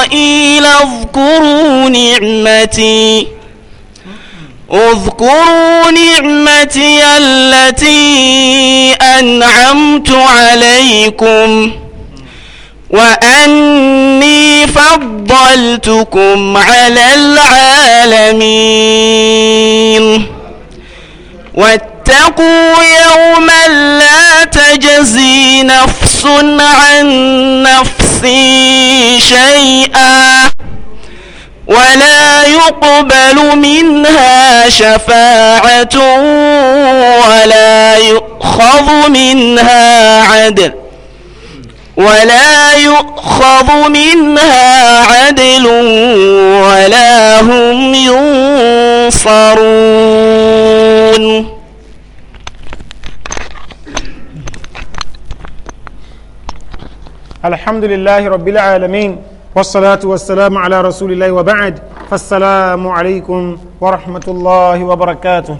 إسرائيل اذكروا نعمتي اذكروا نعمتي التي أنعمت عليكم وأني فضلتكم على العالمين واتقوا يوما لا تجزي نفس عن نفس شيئا ولا يقبل منها شفاعة ولا يؤخذ منها عدل ولا يؤخذ منها عدل ولا هم ينصرون الحمد لله رب العالمين والصلاة والسلام على رسول الله وبعد فالسلام عليكم ورحمة الله وبركاته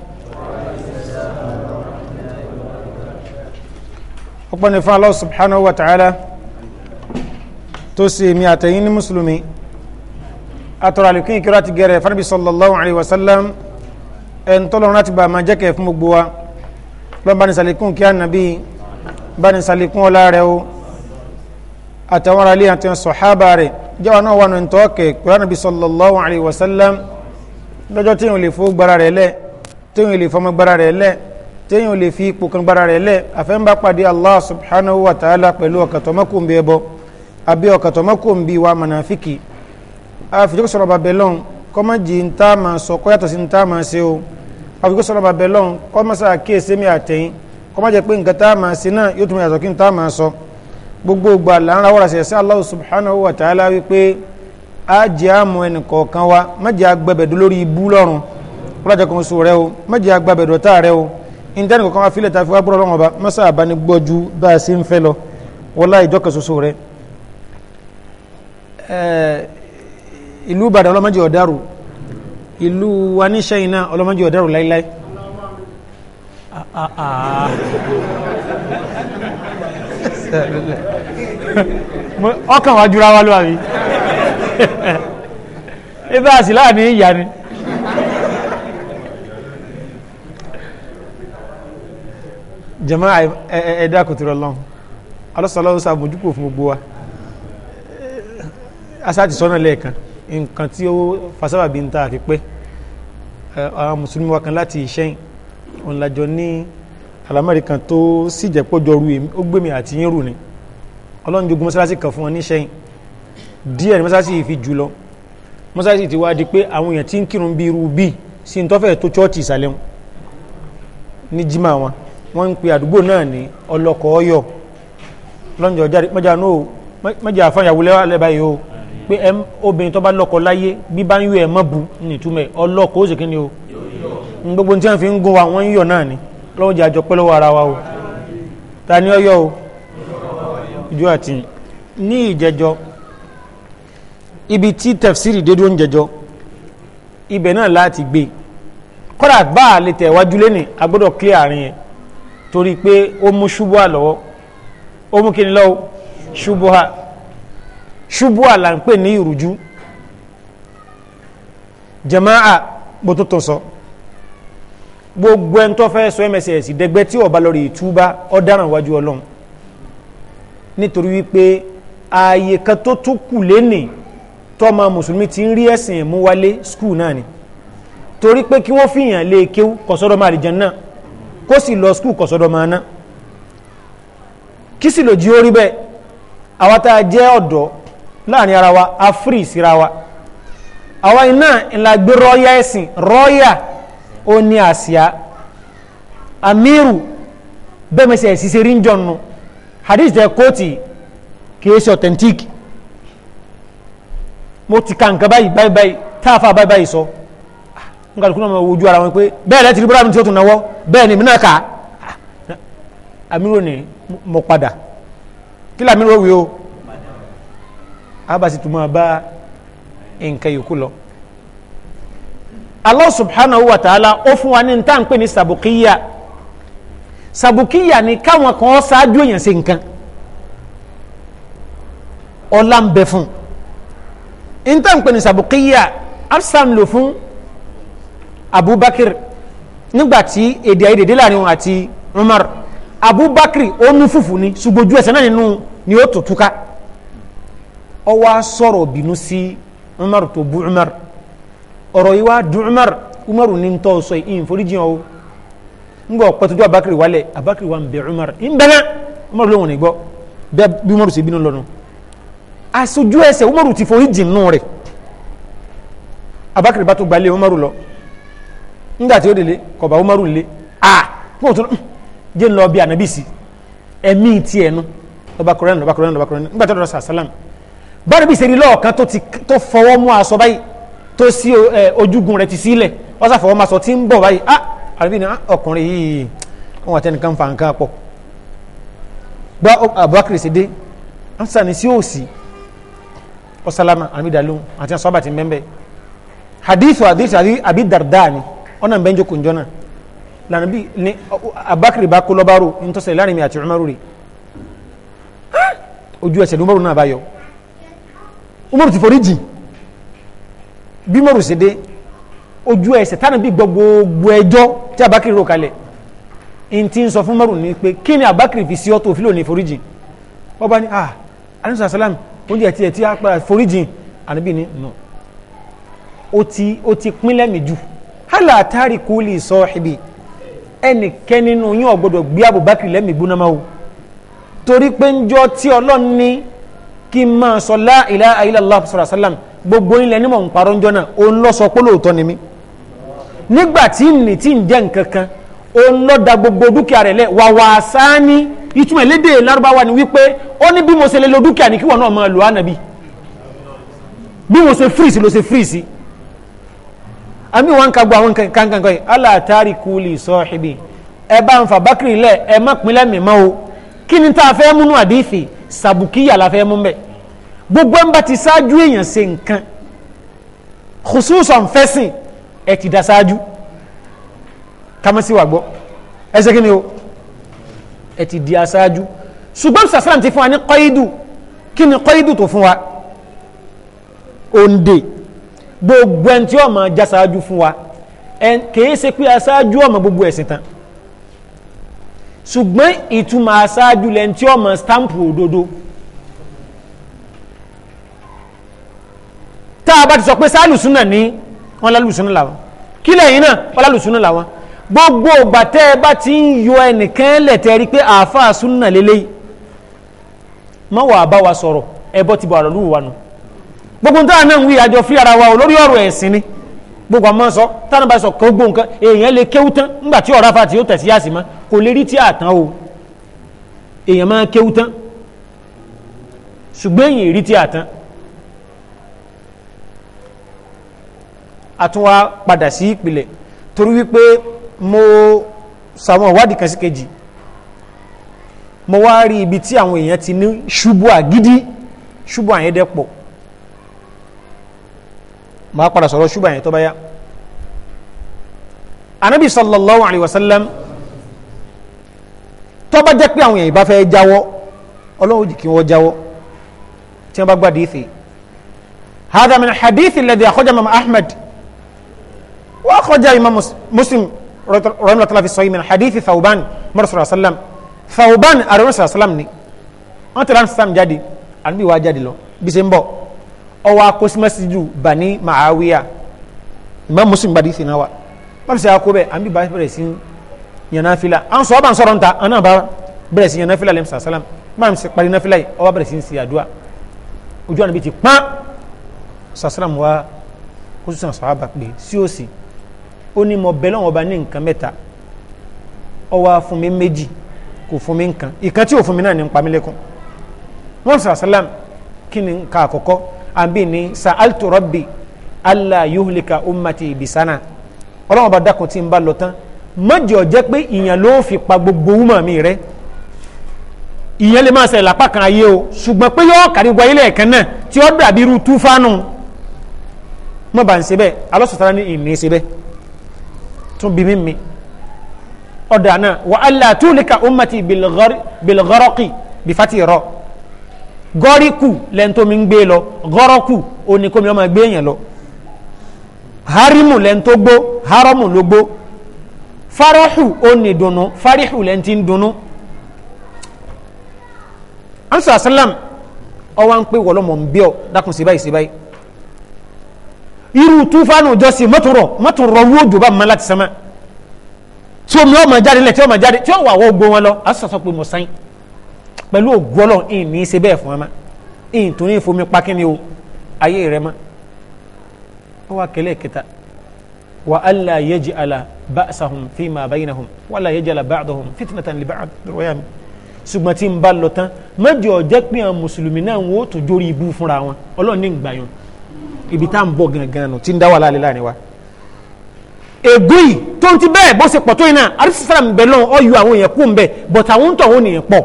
أقبل نفع الله سبحانه وتعالى توسي مئتين مسلمي أترى لكي كرات جري فنبي صلى الله عليه وسلم أن طلعوا نتبع ما جاك في مقبوة لما نسالكم كيان نبي بني سالكم ولا رأو àtàwọn ará ilé àti sọ̀hábà rẹ̀ jẹ́wọ́n náà wà nù tọ́ọ̀kẹ̀ pẹ̀lú ànábì sallallahu alayhi wa sallam lọ́jọ́ tí yìí lè fó gbára rẹ̀ lẹ̀ tí yìí lè fọmọ gbára rẹ̀ lẹ̀ tí yìí lè fi ipò kan gbára rẹ̀ lẹ̀ àfẹ́ǹbá pàdé Allah subhanahu wa ta'ala pẹ̀lú ọ̀kàtọ̀mọ́kùnbí gbogbo ìgbà là ń rawọ́ra ṣẹ̀ṣẹ̀ subhanahu wa ta'ala wípé a jẹ́ àmọ́ ẹnì kọ̀ọ̀kan wa mẹ́jẹ́ agbẹ́bẹ̀dọ́ lórí ibú lọ́rùn kúlájà kan sọ rẹ o mẹ́jẹ́ agbẹ́bẹ̀dọ́ tá rẹ o intanet kọ̀ọ̀kan wa fílẹ̀ ta fi wá búrọ̀ lọ́wọ́ ba mọ́sá àbáni gbọ́jú bá a sì ń fẹ́ lọ wọlá ìjọkẹ́ soso rẹ. ìlú Ìbàdàn ọlọ́mọdé ọ̀darù ìlú wa ní Ṣáínà ọlọ́mọdé ọ̀darù láíláí. Ah, ah, ah. ọkàn wa jura wa ló wà mí ibà sì láàánú ìyá ni. jama ẹ̀dá kòtòrò lọ́n alọ́sọ̀lọ́wọ́ sàbójúkò fún gbogbo wa asáàtì sọ́nà lẹ́ẹ̀kan nǹkan tí ó fasábà bí n ta àfi pé àwọn mùsùlùmí wa kan láti ìṣẹ́yìn òun ní alamẹ́rì kan tó sì jẹ́ pọ́jọ ru èmi ó gbé mi àti yín rù ni ọlọ́run jogun mọ́sálásí kan fún wọn ní sẹ́yìn díẹ̀ ni mọ́sálásí yìí fi jù lọ mọ́sálásí ti wá di pé àwọn èèyàn tí ń kírun bí irú bíi sí ń tọ́fẹ̀ tó chọ́ọ̀tì ìsàlẹ̀ wọn ní jimá wọn wọ́n ń pe àdúgbò náà ní ọlọ́kọ̀ ọyọ̀ lọ́njọ́ jáde mọ́jà náà mọ́jà àfọ̀yàwó lẹ́bà yìí o pé obìnrin tó bá lọ́kọ láyé bí bá ń yọ ẹ̀ mọ́ bu nìtúmẹ̀ ọlọ́kọ̀ ó sì kí ni o gbogbo tí wọ́n fi ń gún wa wọ́n náà ni ọlọ́run jẹ́ àjọ pẹ́lú ara wa o ta ni ọyọ́ o ìjọ àti ní ìjẹjọ ibi tí tafsiri dédú ń jẹjọ ibẹ̀ náà láti gbé kọ́dà bá a lè tẹ̀wájú lẹ́nì agbọ́dọ̀ clear àárín yẹn torí pé ó mú ṣubú àlọ́wọ́ ó mú kí ni lọ́wọ́ ṣubú ha ṣubú àlà ń pè ní ìrújú jama'a bó tó tó sọ. So gbogbo ẹni tó fẹ́ sọ mss dẹgbẹ́ tí ọba lọ rí ìtúbá ọ̀daràn wájú ọlọ́run nítorí wípé ààyè kan tó tún kù lénìí tọ́mọ mùsùlùmí ti ń rí ẹ̀sìn mú wálé skul náà ni torí pé kí wọ́n fìyàn lé kéwú kọ̀sọ́dọ̀ máa àlìjẹ́ náà kó sì lọ skul kọ̀sọ́dọ̀ máa ná kí sì lò jí ó rí bẹ́ẹ̀ àwa tá a jẹ́ ọ̀dọ́ láàrin ara wa a fírì síra wa àwa iná ńlá gbé rọ́yà ẹ̀sìn rọ́yà ó ní àsíá amíru bẹ́ẹ̀mẹsẹ̀ ṣiṣẹ́ rí ń jọ̀nù hadith tẹ kóòtì kìí ṣe authentic mo ti ka nǹkan báyìí báyìí báyìí táàfà báyìí báyìí sọ nǹkan tó kúnnà máa wojú ara wọn pé bẹ́ẹ̀ lẹ́tìrì bọ́lá mi tí ó tún náwó bẹ́ẹ̀ ni mi náà kà ah, amíru ni mo padà kí làmíru ó wí o abasi tó máa bá nǹkan yòókù lọ. Allah subhanahu wa ta'ala ó fún wa ní ní táǹpé ní sàbùkíyà sàbùkíyà ni káwọn kan ṣáájú èèyàn ṣe nǹkan ọlá ń bẹ fún ní táǹpé ní sàbùkíyà absalom lò fún abubakar nígbàtí èdè àìdèdè láàrin òun àti umar abubakar ó nu fùfù ni ṣùgbọ́jú ẹsẹ̀ náà nínú ni ó tó túká ó wá sọ̀rọ̀ bínú sí umar tó bu umar ọ̀rọ̀ yìí wá dùn umar umar ní tọ́ sọ yìí ìforíjì ọ̀ ń gbọ́ pẹ̀tùjú abakiri wálẹ̀ abakiri wa ń bẹ umar ń bẹ náà umar ló wọn ní gbọ́ bẹ́ẹ̀ bí umaru sì bínú lọ́nu aṣojú ẹsẹ̀ umaru ti foríjì nù rẹ̀ abakiri bá tó gbalẹ̀ umar lọ ńgbà tí ó délé kọ̀bà umar lé a kóò tó jẹ́ ń lọ bí anabi sí ẹ̀mí tiẹ̀ nu lọ́ba kọrẹ́nu lọ́ba kọrẹ́nu lọ́ba kọrẹ́nu ńgbà tó dọ̀ sàlám bá bí sẹ́ni lọ́ọ̀kan tó fọwọ́ mú aṣọ báyìí tó sí ojúgun rẹ̀ ti sílẹ̀ wọ́n sàfọwọ́ máa sọ tí ń bọ̀ báyìí ah àbí ni ah, ọkùnrin yìí wọn àti ẹnìkan fa nǹkan pọ̀ gba abubakar ṣèdè ansa ni sí òsì ọ̀sálámà àmìdàlú àti asọ́bà ti mẹ́mbẹ́ hadithu hadithu àbí dàrdà ni ọ̀nà ìbẹ́njọ kò ń jọ náà lànà bí ni abubakar bá kó lọ́bàrò nítòsẹ̀ láàrin mi àti umaru rè ah! ojú ẹsẹ̀ ni umaru náà bá yọ umaru ti forí jìn bí mọ̀rù ṣe dé ojú ẹsẹ̀ tánàbí gbọ́ gbogbo ẹjọ́ tí abakiri rò kalẹ̀ n ti ń sọ fún mọ̀rù ni pé kí ni abakiri fi sí ọ́ tó fílò ní foríjì wọ́n bá ní ah alayhi salam oúnjẹ ẹ̀tí ẹ̀tí apá foríjì ànábì ni no ó ti ó ti pín lẹ́mìí jù hálà àtàrí kú sọ ibi ẹnìkẹ́ nínú yín ò gbé abubakiri lẹ́mìí gbóná máa o torí pé ń jọ tí ọlọ́run kí n máa sọ la ilaha illallah sallallahu gbogbo ilẹ̀ ní mọ̀ ń parọ́ njọ́ náà ó ń lọ sọ pé lóòótọ́ ni mí nígbà tí nì tí ń jẹ́ nǹkan kan ó ń lọ da gbogbo dúkìá rẹ̀ lẹ̀ wà wà sáání ìtumọ̀ lédè lárúbáwá ni wípé ó ní bí mo ṣe lè lo dúkìá ní kíwọ̀ náà máa lò ánàbí bí mo ṣe fírìsì ló ṣe fírìsì àmì wọn ka gbọ́ àwọn kankan kan yìí aláàtàrí kúlì sọ́ọ̀hìbì ẹ bá ń fa bákìrì lẹ̀ ẹ má pinlẹ̀ mímọ́ o kí ni tá a fẹ́ múnú àdìsí sàbùkíyà la fẹ́ mú bẹ́ẹ̀ gbogbo ẹ̀ ń bá ti ṣáájú èèyàn ṣe nǹkan khususan fẹ́sìn ẹ̀ ti dá ṣáájú kamasi wà gbọ́ ẹ ṣe kí ni o ẹ ti di aṣáájú ṣùgbọ́n sàṣàràn ti fún wa ní kọ́ídù kí ni kọ́ídù tó fún wa òǹdè gbogbo ẹni tí ó máa já aṣáájú fún wa kìí ṣe pé aṣáájú ó gbogbo ẹ̀sìn tán ṣùgbọ́n ìtumọ̀ aṣáájú lẹ́ni tí ó stamp òdodo tá a ti sọ pé sálùsúnà ní wọn lálùsúnà làwọn kí náà wọn lálùsúnà làwọn gbogbo ìgbà tẹ́ ẹ bá ti ń yọ ẹnìkan lẹ̀tẹ̀ rí pé àáfàá súnà lélẹ́yìí má wàá bá wa ti bọ̀ àrọ̀ wa gbogbo táwọn náà ń wí àjọ fi wa o lórí ni gbogbo àmọ́ sọ bá sọ kó gbó nǹkan èèyàn lè kéwú tán nígbà o èèyàn máa kéwú tán ṣùgbọ́n èèyàn àtúnwá padà sí ìpìlẹ̀ torí wípé mo sàwọn ìwádìí kan sí kejì mo wá rí ibi tí àwọn èèyàn ti ní ṣubú àgídí ṣubú àyẹ́dẹ́pọ̀ máa padà sọ̀rọ̀ ṣubú àyẹ́ tó bá yá anabi sallallahu alayhi wa sallam tó bá jẹ́ pé àwọn èèyàn ìbá fẹ́ jáwọ́ ọlọ́run jì kí wọ́n jáwọ́ tí wọ́n bá gbádìí fèé هذا من الحديث الذي أخرجه الإمام أحمد واخرج امام مسلم رحمه الله في الصحيح من حديث ثوبان مرسل صلى الله عليه وسلم ثوبان ارسل صلى الله عليه وسلم ni wọ́n tẹ̀lé àwọn sàm jáde àbí wàá jáde lọ bí ṣe ń bọ̀ ọwọ́ akọ́símẹ́sì ju bani ma'awiya imam muslim badi sinna wa wọ́n ti sẹ́ akó bẹ́ẹ̀ àbí bá bẹ̀rẹ̀ sí yànnà fila àwọn sọ̀rọ̀ bá ń sọ̀rọ̀ ń ta àwọn náà bá bẹ̀rẹ̀ sí yànnà fila lẹ́mùsà sálám máa ń sẹ́ parí náà fila yìí ọwọ́ bẹ̀rẹ̀ sí ń ṣe àdúrà ojú àná bíi ti pán sàsálàm wa kó sísan sàhábà pé sí òsì ó ní mo bẹ́lẹ̀ wọn bá ní nǹkan mẹ́ta ó wá fún mi méjì kò fún mi nǹkan ìkan tí ò fún mi náà ní pa mí lẹ́kùn kí ni nǹkan àkọ́kọ́ àbí ní sa altu rabbi alla yuhlika ummati bisana ọlọ́wọ́n bá dákun tí ń bá lọ tán mọ́jọ́ jẹ́ pé ìyàn ló fi pa gbogbo wúmọ̀ mi rẹ́ ìyẹn lè máa ṣe lápá kan ayé o ṣùgbọ́n pé yọ́ kàrígbọ́ ilé ẹ̀kan náà tí ó dàbí irú túfánù mọ́ bá ń ṣe bẹ́ẹ̀ alọ́sọ̀tara ní ìní ṣe bẹ́ẹ̀ tún bí mímí ọ̀dà náà wà á là túlìkà ummati bilgọ́rọ́kì bifati rọ gọ́ríkù lẹ́ntómi ń gbé lọ gọ́rọ́kù oníkomi ọmọ gbé yẹn lọ harimu lẹ́ntó gbó haramu ló gbó farahu onídùnnú farihu lẹ́ntí ń dunnú ansa salam ọwọ́ ń pè wọ́lọ́mọ̀ ń bí ọ dákun síbáyìí síbáyìí irú túfánù jọsìn mọ́tòrọ̀ mọ́tòrọ̀ wó jù bá mọ́ láti sánmà tí omi ọmọ jáde lẹ̀ tí ọmọ jáde tí ó wà wọ́ gbó wọn lọ a sọ̀sọ̀ pé mo sáyìn pẹ̀lú ògbó ọlọ́run ìyìn ní í ṣe bẹ́ẹ̀ fún ẹ má ìyìn tó ní ìfomi pa kí ni o ayé rẹ má ó wà kẹlẹ́ kẹta wa alla yaj'ala ba'sahum fima baynahum wa la yaj'ala ba'dahum fitnatan li ba'd rọ́yà mi ṣùgbọ́n tí n bá lọ tán mẹ́jọ jẹ́ pé àwọn mùsùlùmí náà wọ́n tó jórí ibú fúnra wọn ọlọ́run ní ìgbà yẹn ibi tá à ń bọ̀ gangan nù tí ń dá wà láàlẹ́ láàrin wa ègún yìí tó ń ti bẹ́ẹ̀ bó ṣe pọ̀ tó yìí náà àrísísára ń bẹ lọ́n ọ yọ àwọn èèyàn kú ń bẹ but àwọn tó àwọn èèyàn pọ̀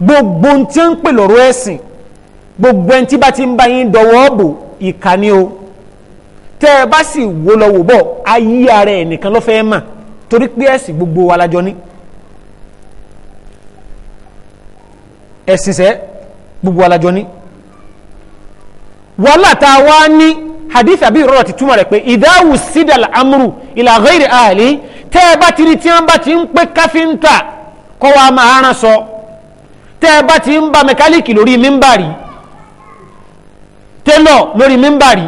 gbogbo ń tí ń pè lọ́rọ̀ ẹ̀sìn gbogbo ẹni tí bá ti ń bá yín dọwọ́ bò ìkànnì o tẹ́ ẹ bá sì wo lọ wò bọ̀ ayé ara ẹ̀ nìkan ló fẹ́ mà torí pé ẹ̀sìn gbogbo wa lájọ ní ẹ̀sìn sẹ́ gbogbo wa lájọ ní wàhálà tá a wá ní hadith àbí ìrọ̀rọ̀ ti túmọ̀ rẹ̀ pé ìdáhùn sídàl amúrù ìlà ghairi ahli tẹ́ ẹ bá ti rí tí wọ́n bá ti ń pé káfíńtà kọ́ wa máa rán sọ tẹ́ ẹ bá ti ń ba mẹkáníìkì lórí mímbàrí télọ̀ lórí mímbàrí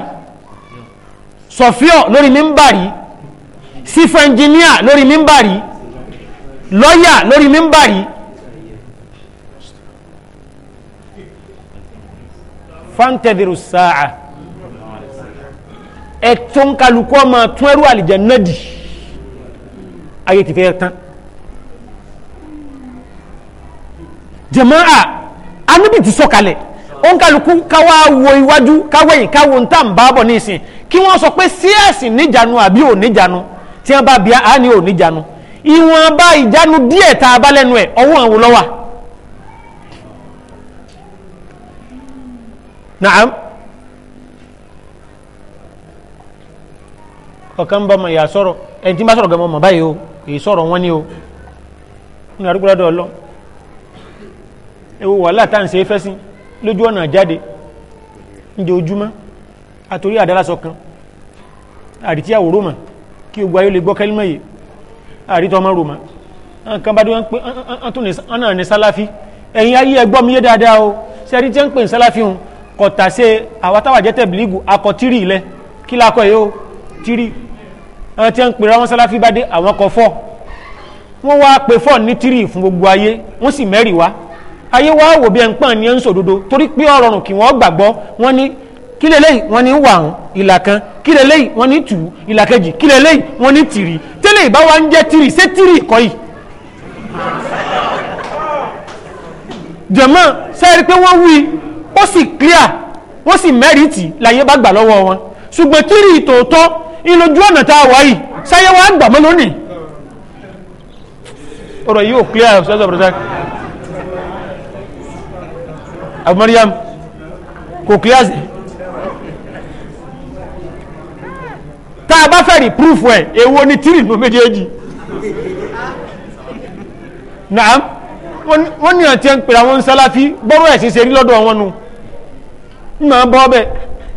sọ̀fíọ̀ lórí mímbàrí sífẹ̀njìníà lórí mímbàrí lọ́yà lórí mímbàrí fantadiru sáà ẹ̀tún kálukú ọmọ tún ẹrú àlìjẹ náà dì ayé ti fẹ́ tán jàmáà anábì ti sọ̀kalẹ̀ ó ń kálukú káwá wo iwájú káwẹ̀yìn káwo ń tà ń bá bọ̀ nísìn kí wọ́n sọ pé síẹ̀sì níjànú àbí ò níjànú tí wọ́n bá bí a ò níjànú ìwọ̀n bá ìjánu díẹ̀ tá a bá lẹ́nu ẹ̀ ọwọ́ àwọn na'am ọ̀kan bá ma yà sọ̀rọ̀ ẹni tí bá sọ̀rọ̀ gan mọ̀ báyìí o kì í wọn ni o ní àdúgbò lọ́dọ̀ ọlọ́ ewu wàhálà tá à ń ṣe é fẹ́ sí lójú ọ̀nà jáde ǹjẹ́ ojúmọ́ àtòrí kan àrítí àwòrò mà kí ogun ayé lè gbọ́ kẹ́límọ̀ yìí àrítọ́ ọmọ rò mà nǹkan bá dé wọn pé ọ̀nà ní sálàfí mi yé dáadáa o ṣe àrítí ń pè kọ̀tàṣe àwọn táwà jẹ́ tẹ̀bìlígù akọ tírì ilẹ̀ kí lákọ̀ yóò tírì ẹni tí wọ́n ń pèrè àwọn sáláfí bá dé àwọn kọ fọ́ wọ́n wá pè fọ́ ní tírì fún gbogbo ayé wọ́n sì mẹ́rì wá ayé wá wò bí ẹ̀ ń pàn ní ẹ̀ ń sòdodo torí pé ọ̀rọ̀ rùn kí wọ́n gbàgbọ́ wọ́n ní kí leléyìí wọ́n wà ń ìlà kan kí leléyìí wọ́n tù ìlà kejì kí leléyìí wọ́n ní tìrì ìbá wa ń jẹ́ tìrì ṣé tìrì kọ́ yìí jẹ̀mọ́ sẹ́ẹ̀rí pé wọ́n wí ó sì clear wọ́n sì mẹ́rìtì láyé bá gbà lọ́wọ́ wọn ṣùgbọ́n kiri ìtòótọ́ ìlójú ọ̀nà tá a wà yìí sáyé wa ń gbà mọ́ lónìí ọ̀rọ̀ yìí ò clear ṣọ́sọ̀ brother abumariam kò clear sí tá a bá fẹ́ rí proof ẹ̀ èwo ni tírì ló méjèèjì naam wọ́n ní àti ẹ̀ ń pèrè àwọn sáláfí bọ́rọ̀ ẹ̀ sì ṣe rí lọ́dọ̀ wọn nu Ma bọ́ bẹ́ẹ̀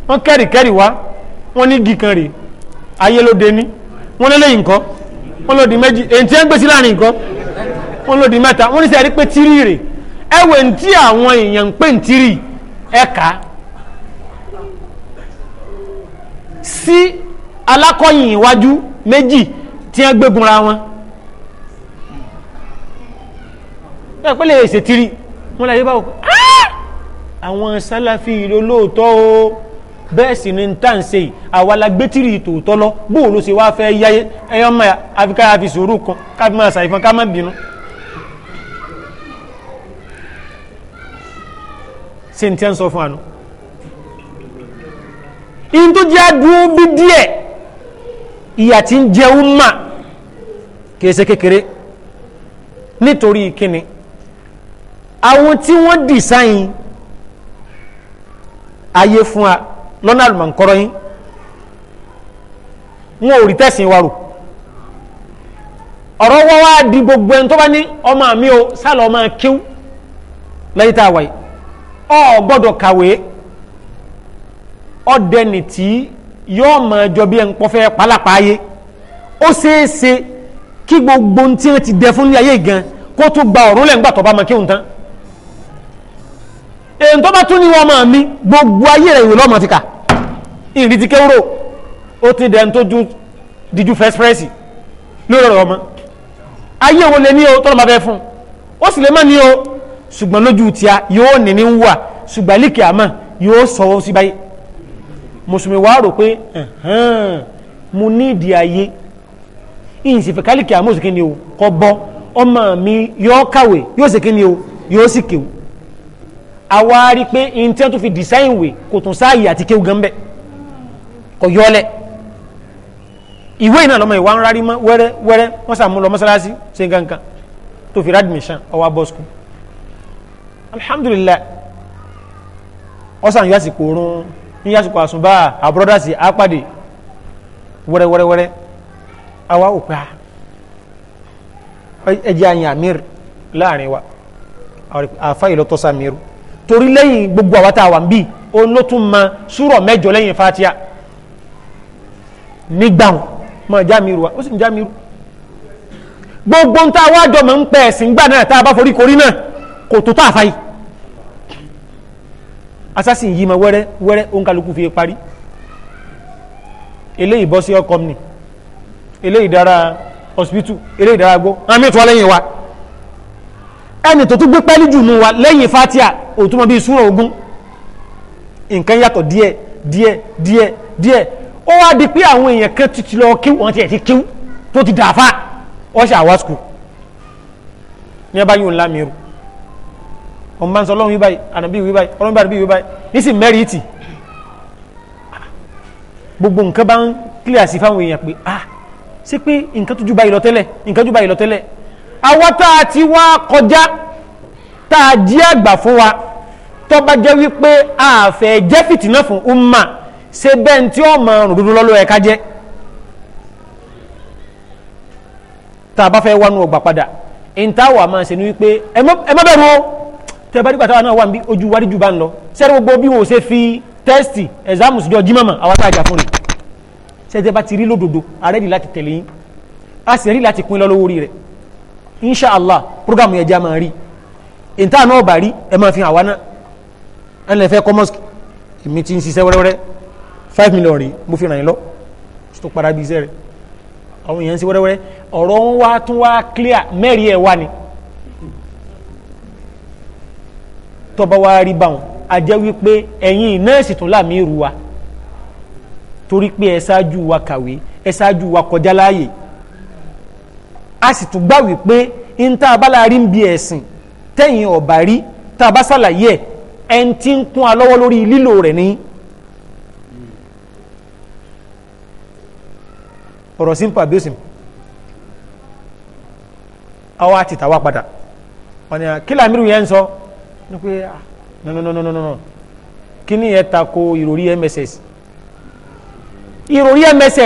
wọ́n kẹ́rì kẹ́rì wá wọ́n ní igi kan rè ayé ló de ní wọ́n lé lẹ́yìn nǹkan wọ́n lòdì méjì èyí tí wọ́n gbé sí láàrin nǹkan wọ́n lòdì mẹ́ta wọ́n ní sẹ́yìn rí pé tírì rè ẹ̀wẹ̀ ntí àwọn èèyàn ń pè ń tírì ẹ̀ka sí alákọ̀yìn iwájú méjì tí wọ́n gbégunra wọn ẹ̀ pé lè ṣètìrì wọ́n lè yí báwo àwọn sálàfí lólóòtọ́ o bẹ́ẹ̀ sì ni tá à ń ṣe àwa la gbé tìrì tòótọ́ lọ bóò ló ṣe wá fẹ́ yáyé ẹyọ mọ àfikà àfi sòrò kan káfí máa ṣàìfọn ká má bínú. ṣé n tí ń sọ fún àná. ihun tó jẹ́ àdúró bí díẹ̀ ìyà tí ń jẹ́ ọmọ kìí kékeré nítorí kíni àwọn tí wọ́n dìsáyìn ayé fún wa lọ́nà àlùmọ̀ǹkọ́rọ́ yín wọn ò rí tẹ̀sìn wa rò ọ̀rọ̀ wọ́n wá di gbogbo ẹni tó bá ní ọmọ mi o sálọ ọmọ kíw lẹ́yìn tá a wà yìí ọ gbọ́dọ̀ kàwé ọdẹni tí yóò mọ ẹjọ bí ẹ ń pọfẹ pálapàáyé ó ṣeé kí gbogbo ohun tí wọn ti dẹ fún ní ayé gan kó tún gba ọ̀run lẹ́ngbà tó bá mọ kíw tán èyí tó bá tún ní wọn máa mi gbogbo ayé rẹ̀ ìwé lọ́mọ ti kà ìrì ti kéwúrò ó ti dẹ̀ tó ju díjú fẹ́sifẹ́sì lórí ọ̀rọ̀ ọmọ ayé wo lè ní o tọ́lọ́ bá fẹ́ fún ó sì lè má ní o ṣùgbọ́n lójú tíya yóò ní ní wà ṣùgbọ́n líkì àmọ́ yóò sọ̀wọ́ sí báyìí mùsùlùmí wàá rò pé mo ní ìdí ayé ìyìn sì fẹ́ kálíkì àmọ́ òsèké ni o kọ́ bọ́ ọmọ mi yóò kàwé yóò sèké ni o yóò sì kéwù àwa rí pé ìntẹ́ tó fi design we kò tún sáàyè àti kéwù gan bẹ́ kò yọlẹ̀ ìwé iná lọ́mọ ìwà ń rárí mọ́ wẹ́rẹ́ wẹ́rẹ́ wọ́n sàmú lọ mọ́sálásí ṣe nǹkan tó fi radmission ọwọ́ bọ́ skul alhamdulilayi ọ̀sán yásìkò oorun yásìkò àsùnbà àbúrọ́dásì àpàdé wẹ́rẹ́ wẹ́rẹ́ wẹ́rẹ́ àwa ò pa ah, ẹjẹ́ àyàn àmìr láàrin wa àfa ìlọ́tọ́sà samiru torí lẹ́yìn gbogbo àwọn tá a wà ń bì òun ló tún ma súrọ̀ mẹ́jọ lẹ́yìn fatia nígbàun mọ jámiru wa ó sì ń jámiru gbogbo ń tá a wájọ mọ̀ ń pẹ́ ẹ̀sìn gbà náà tá a bá forí korí náà kò tó tá a fa yìí assassin yìí ma wẹ́rẹ́ wẹ́rẹ́ òǹkàlùkù fi parí eléyìí bọ́ sí ọkọ̀ mi eléyìí dára hospital eléyìí dára gbó àmì ìtọ́lẹ́yìn wa ẹni tó tún gbé pẹ́lú jù nù wa lẹ́yìn fatia òtúmọ̀ bíi súnrọ̀ ogun nǹkan yàtọ̀ díẹ̀ díẹ̀ díẹ̀ díẹ̀ ó wá di pé àwọn èèyàn kan ti ti lọ kí wọ́n tiẹ̀ ti kí tó ti dàáfà wọ́n ṣe àwa skul ní ẹ bá yóò ńlá mìíràn ọmọ bá ń sọ ọlọ́run wí ànàbí wí báyìí ọlọ́run báyìí wí báyìí nísìnyí mẹ́rin ìtì gbogbo nǹkan bá ń kílíà sí fáwọn èèyàn pé ah ṣé pé nǹkan tó ju báyìí lọ tẹ́lẹ̀ nǹkan ju báyìí lọ tẹ́lẹ̀ àwọn tá a ti wá kọjá tá a jí àgbà fún wa tó jẹ́ wípé a jẹ́ fìtínà fún umma ṣe bẹ́ẹ̀ tí ó máa rùn dúdú lọ́lọ́ ẹ̀ka jẹ́ tá a bá fẹ́ wọnú ọgbà padà ìntàwà máa ṣe ní wípé ẹ má bẹ̀rù o tẹ bá dìgbà táwọn náà wà ní ojú wárí jù bá ń lọ sẹ́ni gbogbo bí wọ́n ṣe fi tẹ́sítì ẹ̀zámù síjọ́ jímọ̀mọ̀ àwọn tá a jà fún rẹ̀ sẹ́ni tẹ bá ti rí lódodo ààrẹ láti tẹ̀lé yín a sì rí láti pín lọ́lọ́wọ́ rẹ̀ insha allah programu yẹn já máa rí ìta náà bá rí ẹ máa fi hàn wá náà lè fẹ́ kọ́ mọ́sìkì èmi ń ṣiṣẹ́ wẹ́rẹ́wẹ́rẹ́ five million rí mo fi ràn yín lọ tó padà bí iṣẹ́ rẹ̀ àwọn èèyàn ń wẹ́rẹ́wẹ́rẹ́ ọ̀rọ̀ ń wá tún wá clear mẹ́rin ẹ̀ wá ni tọba wa rí báwọn a jẹ́ wípé ẹ̀yin nọ́ọ̀sì tún láàmì ìrù wa torí pé ẹ ṣáájú wa kàwé ẹ ṣáájú wa kọjá láàyè a sì tún gbà wípé n tá a bá la rí ń bi ẹ̀sìn tẹ̀yìn ọ̀bà rí tá a bá ṣàlàyé ẹ̀ ẹ̀ ń ti ń kún a lórí lílo rẹ̀ ní. ọ̀rọ̀ sí ń pa bíọ́sìn àwọn àti tàwa padà wọ́n ní kí làmírù yẹn ń sọ ní pé ah, nọ́nọ́nọ́nọ́nọ́ kí ni ẹ̀ ta ko ìròrí mss ìròrí mss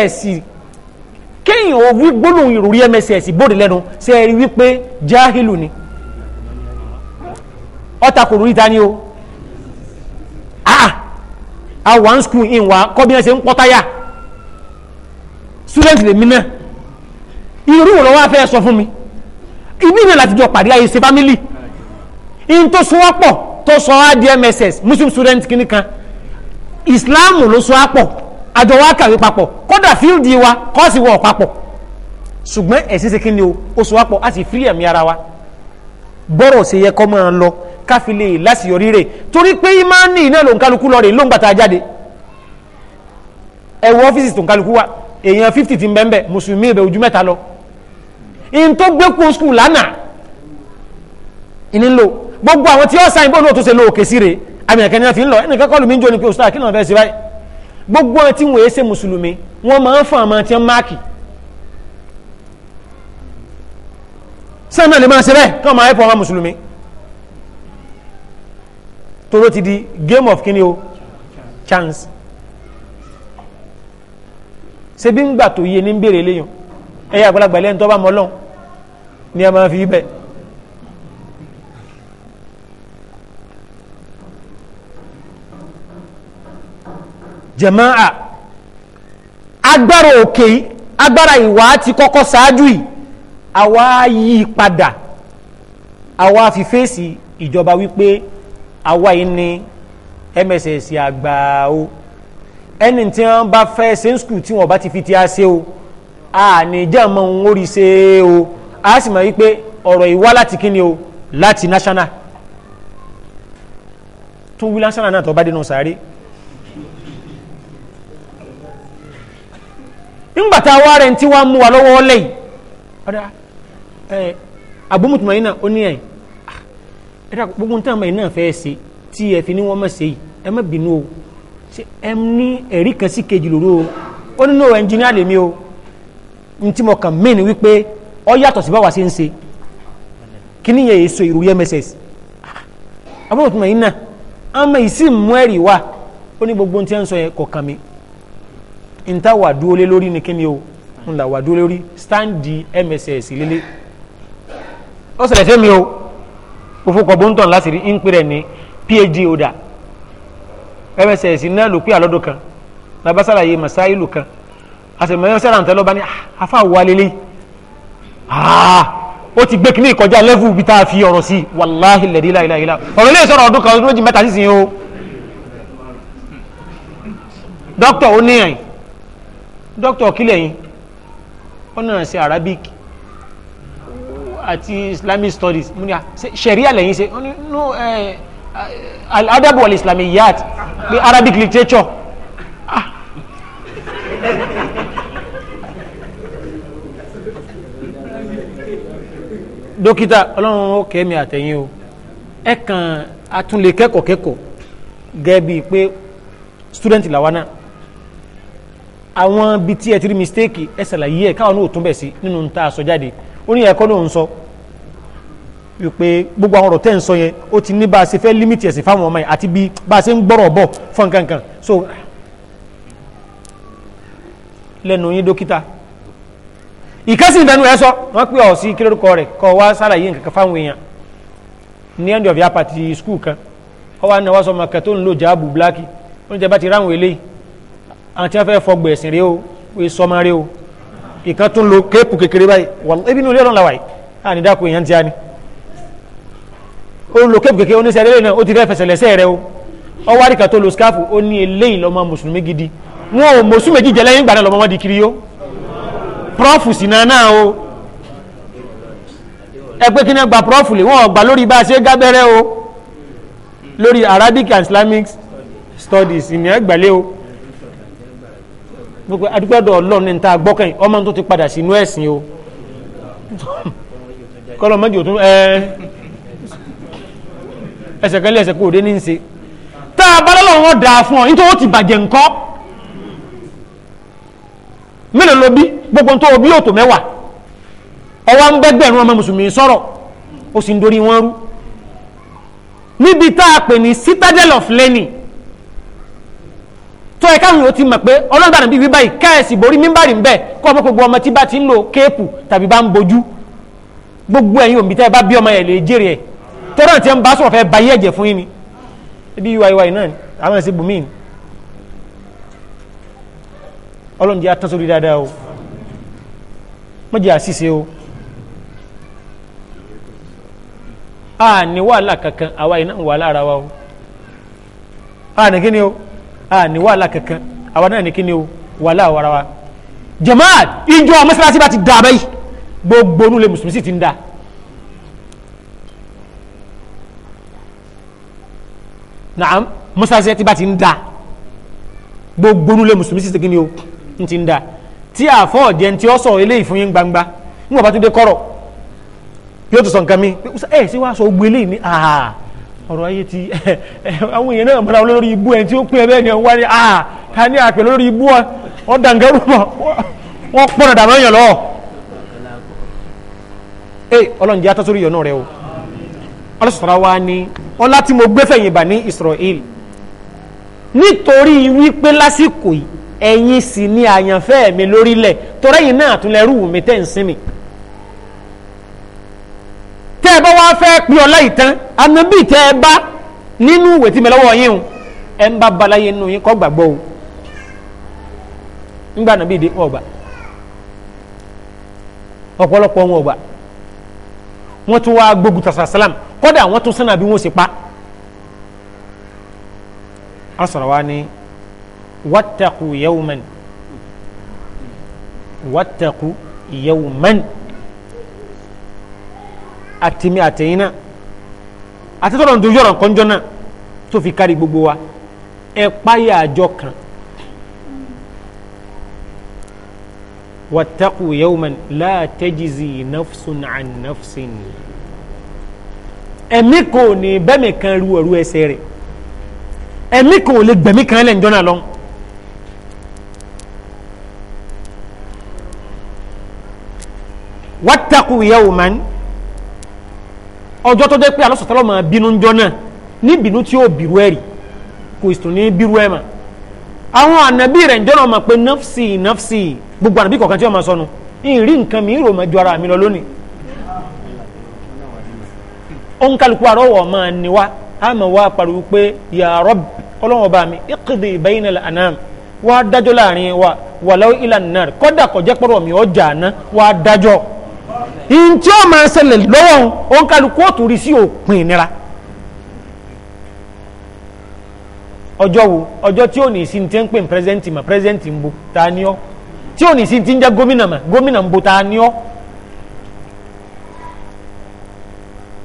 kéèyàn ò wí gbólóhùn ìròrí mss bóde lẹ́nu ṣe é rí wípé jahilu ni ọ̀tà kò lórí ta ni o ah àwa ń skul in wa kọ́ bí wọ́n ṣe ń pọ́táyà student lèmi náà irú wọn wá fẹ́ sọ fún mi ìní ìrìn láti jọ pàdé àyè ṣe fámìlì in tó sọ wọ́pọ̀ tó sọ á di mss muslim student kìnnìkan islam ló sọ á àjọ wa kàwé papọ̀ kódà fíìdì wa kọ́ọ̀sì wọ̀ papọ̀ ṣùgbọ́n ẹ̀sìn ṣe kí ni o ó sọ a sì fírí ẹ̀mí ara wa bọ́rọ̀ ṣe yẹ kọ́ máa lọ káfí lè láṣeyọrí rẹ̀ torí pé ìmánì náà ló ń kálukú lọ rè ló ń gbàtà jáde ẹ̀wọ̀ ọ́fíìsì tó ń kálukú wa èèyàn fifty ti ń bẹ́ẹ̀ bẹ́ẹ̀ mùsùlùmí ìbẹ̀ ojú mẹ́ta lọ in tó gbé kún skul lánàá ìní lò gbogbo àwọn tí ó sáyìn bọ́ọ̀lù tó ṣe lò òkè sí rè àmì ẹ̀kẹ́ ni fi ń lọ ẹnìkan kọ́ lù mí ń pé òṣùtà kí ló ń fẹ́ báyìí gbogbo ẹ tí wọ́n yé ṣe mùsùlùmí wọ́n máa ń fún àmọ́ tí wọ́n máàkì sẹ́yìn náà lè máa ṣe bẹ́ẹ̀ kí wọ́n máa ẹ̀pọ̀ wọn mùsùlùmí tóró ti di game of kíni o chance ṣe bí ń gbà tó yé ní ń béèrè léyìn ẹ̀yà àgbàlagbà lẹ́yìn tó bá mọ́ lọ́n ni a máa fi bẹ́ẹ̀ Jamaa agbára òkè agbára ìwà ti kọ́kọ́ ṣáájú yìí àwa yí padà àwa fi fèsì ìjọba wípé àwa yìí ni mss àgbà o ẹni tí wọn bá fẹ́ ṣe ń skul tí wọn bá ti fi ti á ṣe o àníjà mọ òun ó rí ṣe o a sì mọ wípé ọ̀rọ̀ ìwá láti kíni o láti national tún wí national náà tó bá dénú sáré. ńgbàtà wa rẹ̀ ń tí wàá mú wa lọ́wọ́ lẹ́yìn ọ̀dà ẹ̀ abúmùtùmọ̀ yìí náà ó ní ẹ̀yìn ẹ̀dá gbogbo ní táwọn ẹ̀yìn náà fẹ́ ṣe tí ẹ fi ní wọ́n mọ̀ ṣe yìí ẹ má bínú o ẹ ní ẹ̀rí kan sí kejì lòró o ó nínú ẹnjìníà lèmi o ní mo kàn mí ni wípé ọ yàtọ̀ sí báwa ṣe ń ṣe kí ni èso ìrù mss abúmùtùmọ̀ ah, yìí náà àmọ́ ìsì mú ẹ̀rí wa ó ní gbogbo ní tí ń sọ yẹn kọ̀ọ̀kan mi nta wà dúró lé lórí ni kíni o ń là wà dúró lórí stáǹdì mss lélẹ̀ ó ṣẹlẹ̀ sẹ́mi o òfòkọ̀ bóńtọ̀n láti rí ń pèrè ní phd oda mss náà ló pé àlọ́dún kan labasala yìí masailu kan àtẹ̀mẹ́yọ́ sẹ́ra ntẹ́ lọ́ba ní afa ah, wà lélẹ̀ ah, ó ti gbé kíní ìkọjá lẹ́fù bí tá a fi ọ̀rọ̀ sí wàláhì lẹ́dí láìláìlá ọ̀rọ̀ ilé ìsọ̀rọ̀ ọdún kan ọdún méjì mẹ́ta sísìn o dókítà ó ní ẹ̀yìn dókítà kílẹ̀ yín ó náà ṣe arabic àti islamic studies mo ní à ṣẹ̀ríà lẹ́yìn ṣe ó ní no eh, al Islamic wal-islamiyat arabic literature ah. dókítà ọlọ́run ó kẹ́mi àtẹ̀yìn o ẹ kàn atúnlé kẹ́kọ̀ọ́ kẹ́kọ̀ọ́ gẹ́gẹ́ bíi pé student làwa náà àwọn bí tí ẹ ti rí mistake ẹ ṣàlàyé ẹ káwọn náà tún bẹ̀ sí nínú ta sọ jáde ó ní ẹ̀kọ́ náà ń sọ wípé gbogbo àwọn ọ̀rọ̀ tẹ́ ń sọ yẹn ó ti ní bá a ṣe fẹ́ limit ẹ̀sìn fáwọn ọmọ yẹn àti bí bá a ṣe ń gbọ́rọ̀ bọ̀ fún kankan so lẹ́nu yín dókítà ìkẹ́sìn ìdánù ẹ sọ wọ́n pè ọ̀ sí kílórúkọ rẹ̀ kọ́ wá ṣàlàyé nǹkan kan fáwọn èèyàn ní end of year party school kan ọ wá ní ọwọ́ sọmọ kẹtó ń lò jáàbù bláàkì oúnjẹ bá ti ráwọn eléyìí àti afẹ́ fọgbọ̀ ẹ̀sìn rí o wí sọmọ rí o ìkan tún lo kéèpù kékeré báyìí wàlúù ebi inú ilé ọ̀run làwà yìí à ní dákun èèyàn ti á ni ó lo kéèpù kékeré oníṣẹ́ eléyìí náà ó ti fẹ́ fẹsẹ̀ lẹ́sẹ̀ rẹ o ọwọ́ àríkà tó lo skáfù ó ní eléyìí lọ́mọ mùsùlùmí gidi wọn ò mùsùlùmí jíjẹ lẹ́yìn ìgbà lọ́mọ di kiri yó prọ́fù sì náà náà o ẹ pé kí ni gba prọ́fù lè wọn gbà lórí bá a ṣe gábẹ́rẹ́ o lórí Arabic and Islamic studies ìní ẹgbàlẹ́ o gbogbo adúgbàdo ọlọ́run ní ta gbọ́kàn ọmọ tó ti padà sínú ẹ̀sìn o kọ́lọ́ mọ́jì òtún ẹ ẹsẹ̀ kẹ́lẹ́ ẹsẹ̀ kó o dé ní í tá a bá lọ́lọ́run wọn dà fún ọ nítorí ó ti bàjẹ́ ńkọ́ mélòó ló bí gbogbo tó o bí yóò tó mẹ́wàá ọwọ́ ń bẹ́gbẹ̀rún ọmọ mùsùlùmí sọ̀rọ̀ ó sì ń dorí wọn rú níbi tá a pè ní citadel of learning tó ẹ káwọn yóò ti mọ̀ pé ọlọ́dà nàbí wí báyìí káyẹ̀sì borí mímbàrì ń bẹ̀ kọ́ ọmọ gbogbo ọmọ tí bá ti ń lo kéèpù tàbí bá ń bojú gbogbo ẹ̀yin òmìtẹ́ ẹ bá bí ọmọ yẹn lè jèrè ẹ̀ tọ́lá ti ń bá sọ̀rọ̀ fẹ́ ba ẹ̀jẹ̀ fún yín ni ibi yíwa yíwa yìí náà àwọn ẹ̀sìn bùnmí ni ọlọ́run jẹ́ atán sórí dáadáa o mọ̀jẹ̀ àṣìṣe o a ní wàhálà kankan àwa yìí náà wà lára wa o a ní kí o a ah, ní wàhálà kankan àwa náà ní kí ni o wàhálà warawa. wa jamaa ìjọ mọ́sálásí bá ti dà báyìí gbogbo onúlé mùsùlùmí sì ti ń naam mọ́sálásí ti bá ti ń dà gbogbo onúlé mùsùlùmí sì ti kí ni o ń ti ń dà tí àfọ́ ọ̀jẹ̀ tí ó sọ eléyìí fún yín gbangba níwọ̀n bá tún dé kọ́rọ̀ yóò tún sọ nǹkan mi ẹ̀ sí wàá sọ gbélé ní àhà ọ̀rọ̀ ayé ti àwọn èèyàn náà mọ́ra olórí ibú ẹni tí ó pín ẹbẹ́ ah, ni wá ní à ká ní àpè lórí ibú wọn dàǹgẹ́rù mọ̀ wọ́n pọ̀nà dàmọ́ èèyàn lọ́wọ́ ẹ ọlọ́run jẹ́ atọ́sórí ìyọ̀nà rẹ o ọlọ́sọ̀tara wa ni ọlá tí mo gbé fẹ̀yìn bà ní Israel nítorí wípé lásìkò yìí sì ni àyànfẹ́ mi lórílẹ̀ tọ́rẹ́yìn náà tún lẹ́rù mi tẹ́ ń sinmi. tẹ́ ẹ bá wá fẹ́ pín ọlá ìtàn ànábì tẹ́ ẹ bá nínú ìwé tí mẹ́lọ́wọ́ yín o ẹ ń bá balayé nínú yín kọ́ gbàgbọ́ o ńgbà ànábì dé ọgbà wọn wọ́n tún wá wọ́n tún pa asọ̀rọ̀ wa ni wattaqu àtìmí àtẹ̀yìn náà àti tọ́lọ̀ tó yọ̀rọ̀ kọ́njọ́ náà tó fi kárí gbogbo wa ẹ páyà àjọ kan wàtàkù yawman la tajzi nafsun an nafsin ẹ̀mí kò ní bẹ́ẹ̀mì kan ru ọ̀rú ẹsẹ̀ rẹ̀ kò lè gbẹ̀mí kan lẹ́njọ́ náà lọ́wọ́. wàtàkù yawman ọjọ́ tó jẹ́ pé alọ́sọ̀tọ́lọ́ máa bínú jọ náà ní bínú tí ó bírú ẹ̀ rí kò sì tún ní bírú ẹ̀ mà àwọn ànábì rẹ̀ ǹjọ́ náà mọ̀ pé nọ́fsì nọ́fsì gbogbo ànábì kọ̀ọ̀kan tí wọ́n máa sọnù ìrí nǹkan mi ìrò mọ́jú ara mi lọ lónìí ó ń kálukú àrọ́wọ̀ máa ní wá a máa wá pariwo pé ya Rabb ọlọ́wọ́n bá mi iqdi bayna al-anam wá dájọ́ láàrin wa walau ila kọ́dà kọjá mi ọjà àná wá dájọ́ ntí ó máa ṣẹlẹ̀ lọ́wọ́ òǹkàlùkù ó tún rí sí òpin ìnira ọjọ́ wo ọjọ́ tí ò ní sí ti ń pè pírẹsidẹ́ǹtì mà pírẹsidẹ́ǹtì ń bo ta ni ọ́ tí ò ní sí ti ń jẹ́ gómìnà mà gómìnà ń bo ta ni ọ́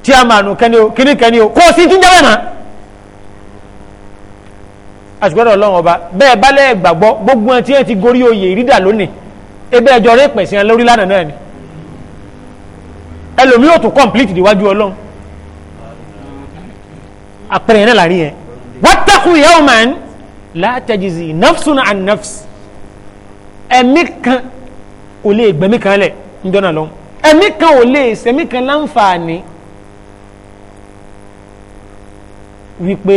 tí a máa nù kẹ́ni o kíní kẹ́ni o kò sí ti ń jẹ́ bẹ́ẹ̀ mà àṣùgbọ́dọ̀ ọlọ́run ọba bẹ́ẹ̀ bá lẹ́ẹ̀ gbàgbọ́ gbogbo ẹ̀ tí ẹ̀ ti gorí oyè ìrídà lónìí ebe ẹjọ́ rẹ̀ pẹ̀sìn lórí lánàá náà ni ẹlòmí ò tún complete níwájú ọlọ́run àpẹẹrẹ yẹn náà láàrin yẹn wattaqu yawman la tajzi nafsun an nafs ẹ̀mí kan kò lè gbẹ̀mí kan lẹ̀ ń dọ́nà lọ́wọ́ ẹ̀mí kan ò lè sẹ̀mí kan láǹfààní wípé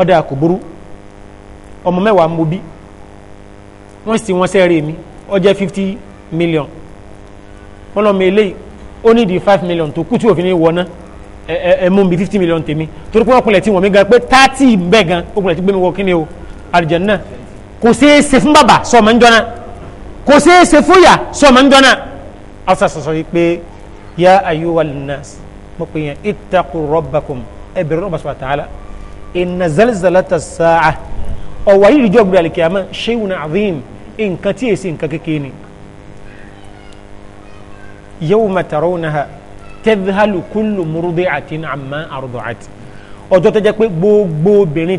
ọ̀dà kò burú ọmọ mẹ́wàá mo bí wọ́n sì wọ́n sẹ́rẹ̀ mi ó jẹ́ fifty million wọ́n lọ́mọ eléyìí ó ní di five million tó kú tí òfin ní wọná ẹ ẹ mú mi fifty million tèmi torí pé wọn kulẹ̀ tí wọ́n mi gan pé thirty bẹ́ẹ̀ gan ó kulẹ̀ tí gbé mi wọ kí ni o àlùjànnà kò ṣeé ṣe fún bàbá sọ ń jọ́nà kò ṣeé ṣe fún yà sọ ń jọ́nà asa sọsọ yìí pé ya ayyuhal nas mo pe yẹn ittaqu rabbakum ẹ bẹ̀rù Ọba subhanahu wa ta'ala inna zalzalata as-sa'ah ọ̀wá yìí ìjọ gbèrè àlìkìyàmá shay'un 'azim nǹkan tí èsì kékeré ni yawma tarawnaha tadhhalu kullu murdi'atin amma arda'at ọjọ́ tó jẹ́ pé gbogbo obìnrin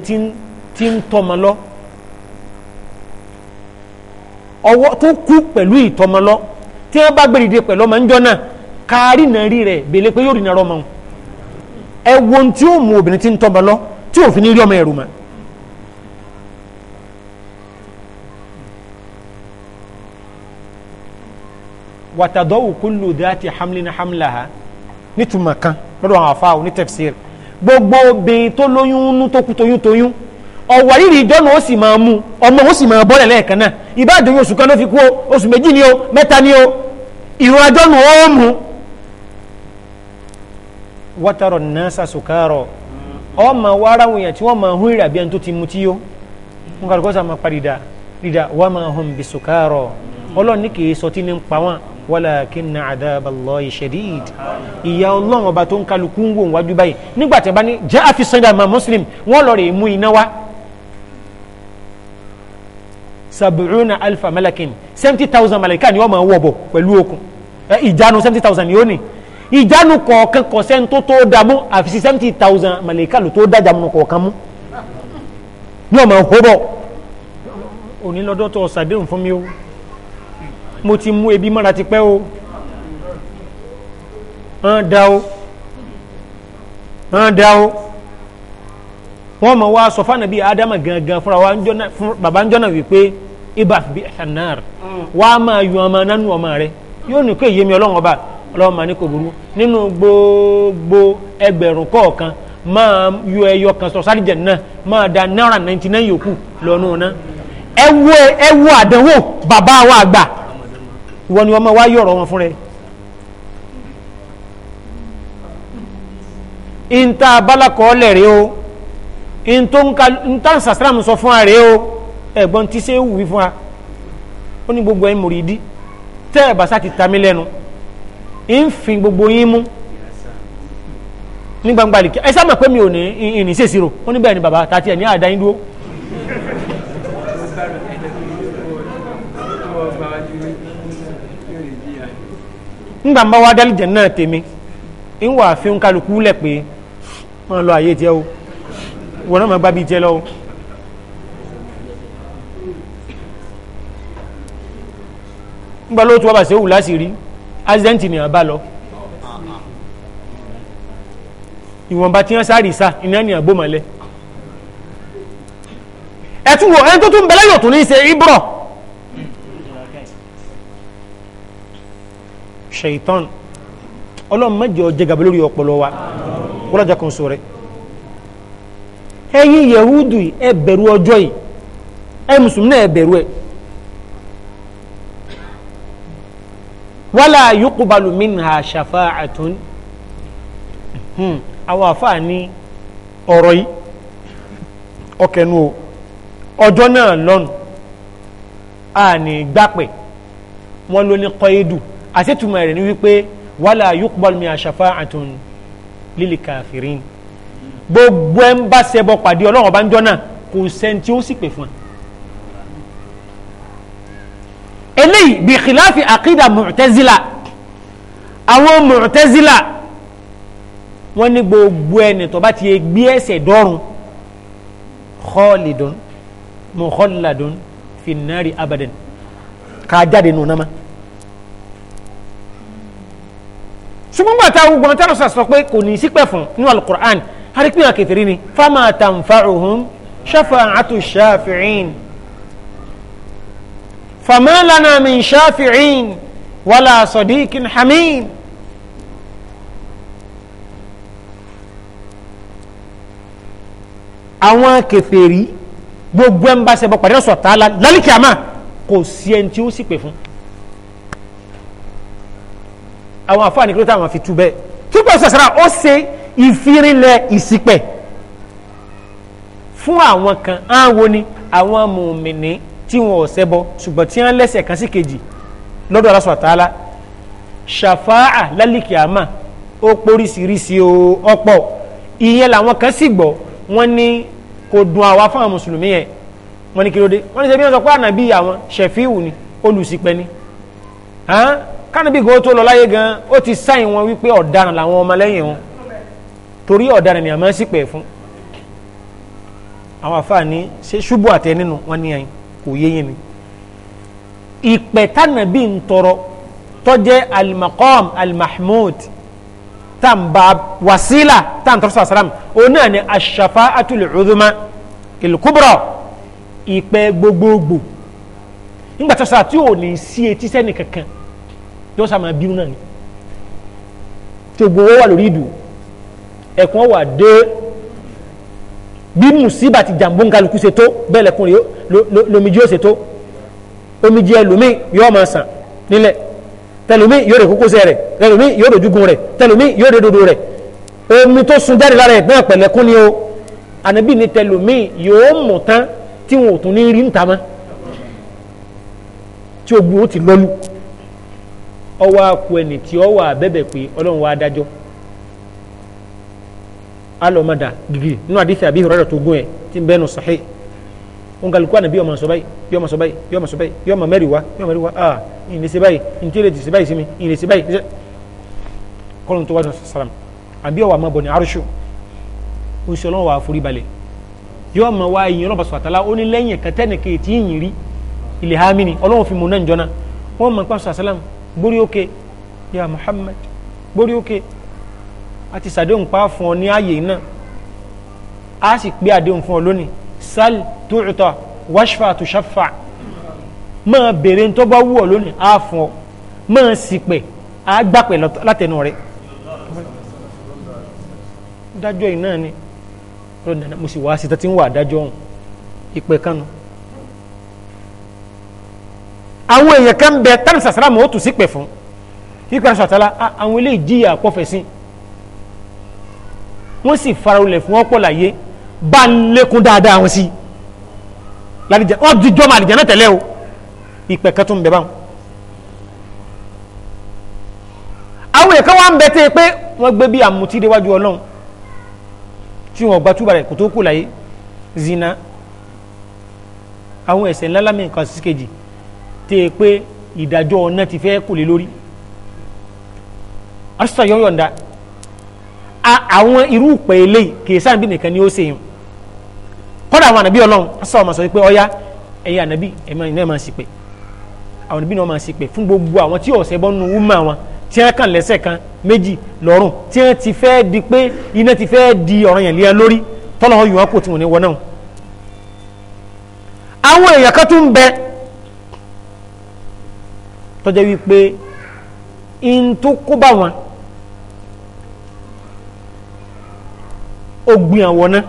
tí ń tọ́mọ lọ ọwọ́ tó kú pẹ̀lú ìtọ́mọ lọ tí wọ́n bá gbèrìdè pẹ̀lú ọmọ ńjọ́ náà kárí náà rí rẹ̀ bèlè pé yóò rí náà rọmọ ẹ wo tí ó mú obìnrin tí ń tọ́mọ tí òfin ní rí ọmọ ẹ̀rù mọ́. wàtàdọ́wù kúlù dáàtì hamlin hamlaha nítumọ̀ kan lọ́dọ̀ àwọn afáwọ̀ ní tafsir gbogbo obìnrin tó lóyún nú tó kú toyún toyún ọ̀wà rírì ìjọ́nà ó sì máa mú ọmọ ó sì máa bọ́lẹ̀ lẹ́ẹ̀kan náà ìbáàdùn oṣù kan ló fi kú oṣù méjì ni o mẹ́ta ni o ìrún ajọ́nù ó mú wátàrọ̀ náà sùkárọ̀ ọmọ wa ara wọn yẹn tí wọ́n máa hún ìrà tó ti mu tí yó wọn kàdùkọ́ sàmà pa rìdà wọ́n máa hún bí sùkárọ̀ ọlọ́run ní kì í sọtí ní pa wọn walakinna adhab Allahi shadid ìyà ọlọ́run ọba tó ń kálukú ń wò wájú báyìí nígbà tí a bá ní jẹ́ àfisàndà ma muslim wọ́n lọ rè mú iná wá sab'una alfa malakin seventy thousand malaika ni wọ́n máa wọ̀ bọ̀ pẹ̀lú okùn ìjánu seventy thousand ni ó ní ìjánu kọ̀ọ̀kan kọ̀sẹ́ tó tó dàmú àfi seventy thousand malaika ló tó dájà mú kọ̀ọ̀kan mú ni wọ́n máa hó bọ̀ onílọ́dọ́tọ̀ ṣàdéhùn fún mi o mo ti mú ebi mọ́ra ti pẹ́ o hàn dá o hàn dá o wọ́n mọ̀ wá sọ fáwọn bíi ádámà gangan fúnra wa bàbá ń jọ́nà wípé ibà fi bí ẹ̀sánnáàr mm. wá máa yun ọmọ nánú ọmọ rẹ yóò ní kó èyí mi ọlọ́run ọba ọlọ́run màá ní kò burú nínú gbogbo ẹgbẹ̀rún kọ̀ọ̀kan máa yọ ẹyọ kan sọ sáré jẹ̀nà máa da náírà ninety nine yòókù lọ́nù náà ẹ wo àdánwò bàbá wa àgbà ìwọ ni ọmọ wa yọ̀rọ̀ wọn fún rẹ. ìntà abálakọ̀ lẹ̀rẹ̀ o ìntà sàsàràmù sọ fún ààrẹ o ẹ̀gbọ́n tí ṣe é wù fún wa ó ní gbogbo ẹ̀ mùrídì tẹ́ ẹ̀ bàṣà ti ta mí lẹ́nu ń fi gbogbo yín mú ní gbangba lè kí ẹ sábà pé mi ò ní ìrìn ṣèṣirò ó ní bẹ́ẹ̀ ni bàbá tàti ẹ̀ ní àdá dúró. ńgbà ń bá wá dálì jẹ̀ náà tèmi ń wà fi ń kálukú lẹ̀ pé wọ́n lọ àyè jẹ́ o wọ́n náà máa gbá bí jẹ́ lọ́wọ́. ńgbà ló tún wá bàṣẹ wù láṣìírí ásídẹ́ǹtì nìyàn bá lọ ìwọ̀nba tí wọ́n sáré sá iná nìyàn gbó mọ́lẹ̀ ẹ̀tún wo ẹni tó tún bẹ̀lẹ́ yóò tún ní í ṣe ibrọ̀ ṣèitán ọlọ́run mẹ́jọ jẹgàbẹ lórí ọpọlọ wa wọ́lájà kan sọ̀rẹ́ ẹ̀yin yahudu ẹ bẹ̀rù ọjọ́ yìí ẹ mùsùlùmí náà ẹ bẹ̀rù ẹ wala yuqbalu minha shafa'atun hmm, àwọn àfáà ní ọ̀rọ̀ yìí ọkẹnu ọjọ́ náà lọ́nu a ní gbápẹ̀ wọ́n ló ní kọ́ edu àṣetùmọ̀ rẹ̀ ni wípé wàlà yuqbal min shafa'atun lil kafirin gbogbo ẹ̀ ń bá ṣẹbọ pàdé ọlọ́run ọba ń jọ́ náà kò sẹ́ni tí ó sì pè fún un. eléyìí bí khilafi àkídà mu'tazila àwọn mu'tazila wọ́n ní gbogbo ẹni tó bá ti gbé ẹsẹ̀ dọ́rùn khalidun mukhalladun finnari abadan ká jáde nù náà máa. ṣùgbọ́n gbàtà ogun ọ̀tá lọ́sà sọ pé kò ní í sípẹ̀ fún nínú alukur'an arípìnà kẹfìrí ni fáma tanfa'uhum shafa'atu shafi'in fama lana min shafi'in wala sadiqin hamim. àwọn kẹfìrí gbogbo ẹ̀ ń bá ṣẹbọ pàdé ọ̀sọ̀ tààlà lálẹ́ kìámà kò sí ẹni tí ó sì pè fún àwọn àfáà ní kí ló táwọn fi tú bẹ́ẹ̀ túbọ̀ sàṣàrà ó ṣe ìfirinlẹ̀ ìṣìpẹ̀ fún àwọn kan àwọn ni àwọn mùmìnì tí wọn ò ṣẹbọ ṣùgbọ́n tí wọn lẹ́sẹ̀ kan sí kejì lọ́dọ̀ Allah subhanahu wa ta'ala ṣàfáà lálìkìámà ó póríṣiríṣi ọ̀pọ̀ ìyẹn làwọn kan sì gbọ́ wọn ní kò dùn àwa fáwọn mùsùlùmí yẹn wọn ní kí ló dé wọn ní sẹbi wọn sọ pé ànábì àwọn ṣẹfíù ni olùṣìpẹ̀ ni kánibí gan tó lọ láyé gan ó ti sáyìn wọn wípé ọ̀daràn làwọn ọmọlẹ́yìn wọn torí ọ̀daràn ni àmọ́ sì pẹ̀ fún àwọn àfààní ṣe ṣubú àtẹ nínú wọn ní ẹyin kò yé yín ni ìpẹ́ tánàbí ń tọrọ tọ́jẹ́ alimakọ́m alimahmud tàǹbà wàsílà tàǹtọ́rọ́ sàlám òun ni aṣàfà àtúlẹ̀ ọdúnmá ìlúkúbọ̀rọ̀ ìpẹ́ gbogbogbò nígbà tó sàtúwò ní sí etí sẹ́ni kankan yóò sàmà bínú náà ni tí gbogbo wà lórí ìdù ẹ̀kún wà dé bí mùsíbà ti jàǹbó ń kálukú ṣe tó bẹ́ẹ̀ lẹ́kùnrin lomijì ó ṣe tó omijì ẹlòmíì yóò máa sàn nílẹ̀ tẹlomi yóò rè kókósẹ̀ rẹ̀ tẹlomi yóò rè dúgun rẹ̀ tẹlomi yóò rè dodo rẹ̀ omi tó sun jáde lára ẹ̀gbọ́n pẹ̀lẹ́kún ni o ànábì ni tẹlomi yóò mọ̀ tán tí wọn ò tún ní rí ń ta mọ́ tí o bu ti lọ́lù ọwọ́ akọ ẹni tí ọwọ́ abẹ́bẹ̀ pé ọlọ́run wá adájọ́ alọ́mọdà gígì nínú àdìsí àbí ìrọ̀rọ̀ tó gún ẹ̀ tí ń bẹ́nu sọ̀hí òun kàlùkù àná bí ọmọ sọ báyìí bí sọ báyìí bí sọ báyìí bí ọmọ mẹ́rin wá bí ọmọ mẹ́rin wá ah ìyìnlẹ̀ sí báyìí ìyìnlẹ̀ sí báyìí sí mi ìyìnlẹ̀ sí báyìí kọ́lọ́n tó wá sọ̀rọ̀ sàlám àbí ọwọ́ àmọ́ bọ̀ ní arúṣù oṣù ọlọ́run wà á forí balẹ̀ yóò mọ̀ wá ìyìn ọlọ́ba sọ̀tàlá ó ní lẹ́yìn kẹtẹ́nìkẹ́ tí yìnyín rí ilẹ̀ hàmínì ọlọ́run fi mọ̀ náà jọ́nà wọ́n mọ̀ pàṣẹ sàlám gbórí òkè ya Muhammad gbórí òkè a ti sàdéhùn pa fún ọ ní ààyè náà a sì pé àdéhùn fún ọ lónìí sal tuuta washfa tushafa máa béèrè ń tọ́gbà wù ọ lónìí a fún ọ máa sì pẹ̀ a gbà pẹ̀ látẹnu rẹ dájọ́ yìí náà ni mo sì wá sí tẹ́tí ń wà dájọ́ ìpẹ́ kánú àwọn èèyàn kan bẹ tàbí sàsàràmù ó tù sí pẹ̀ fún kíkọ́ aṣọ àtàlà àwọn ilé ìjìyà pọ̀fẹ̀sìn wọ́n sì farolẹ̀ fún ọ̀pọ̀ láyé bá ń lékún dáadáa wọn sí lálìjẹ wọ́n ti jọ́mọ àlìjẹ náà tẹ̀lé o ìpẹ̀ kan tó ń bẹ báwọn. àwọn èèyàn kan wá ń bẹ tẹ́ pé wọ́n gbé bí àmùtí déwájú ọlọ́run tí wọ́n gba túbà rẹ̀ tó kù láyé zina àwọn ẹ̀ṣẹ̀ ńlá lámì nǹkan sí kejì tẹ́ ẹ pé ìdájọ́ ọ̀nà ti fẹ́ kò lé lórí asọ́sọ yọ̀ yọ̀ǹda àwọn irú ìpè eléyìí kìí sáà bí nìkan ni ó sèyìn kọ́dà àwọn ànàbí ọlọ́run asọ́ ọmọ sọ pé ọ̀ya ẹ̀yin ànàbí ẹ̀yin náà máa sì pè àwọn ànàbí náà máa sì pè fún gbogbo àwọn tí ọ̀sẹ̀ bọ́ nu wúmọ̀ àwọn tí wọ́n kàn lẹ́sẹ̀ kan méjì lọ́rùn tí wọ́n ti fẹ́ di pé iná ti fẹ́ di ọ̀ràn yẹn léyàn lórí tọ́lọ́ yìí wọn kò tí wọn ní wọ náà àwọn èèyàn kan tún bẹ́ẹ̀ tọ́jẹ́ wípé in tó kó bá wọn ó gbin àwọn náà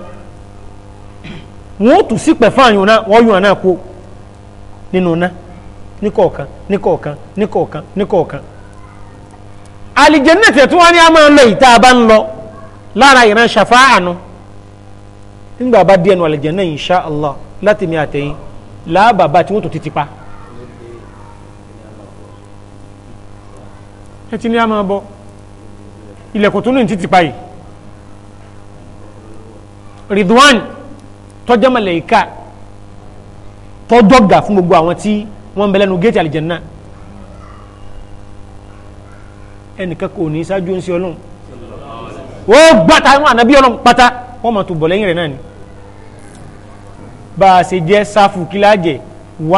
wọn ó tù sí pẹ̀ fáàyàn náà wọ́n yún àná kó nínú náà níkọ̀ọ̀kan níkọ̀ọ̀kan níkọ̀ọ̀kan níkọ̀ọ̀kan àlìjẹ́nà tẹ̀ tí wọ́n ní a máa ń lọ ìta bá ń lọ lára ìran ṣàfá àánú nígbà bá díẹ̀ nu àlìjẹ́nà insha Allah láti mi àtẹ̀yìn làábàbà tí wọ́n tó ti ti pa. ẹ ti ní àmọ́ bọ́ ilẹ̀kùn tó ní títì pa yìí Ridwan tọ́jọ́ mọ̀lẹ́yìká tọ́jọ́ gà fún gbogbo àwọn tí wọ́n ń bẹ lẹ́nu géètì àlìjẹ̀nà ẹnìkan kò ní ṣáájú ń ṣe ọlọ́run ó gbàtà àwọn ànábí ọlọ́run pátá wọ́n máa tó bọ̀ lẹ́yìn rẹ̀ náà ni bá a ṣe jẹ́ sáfù kíláàjẹ̀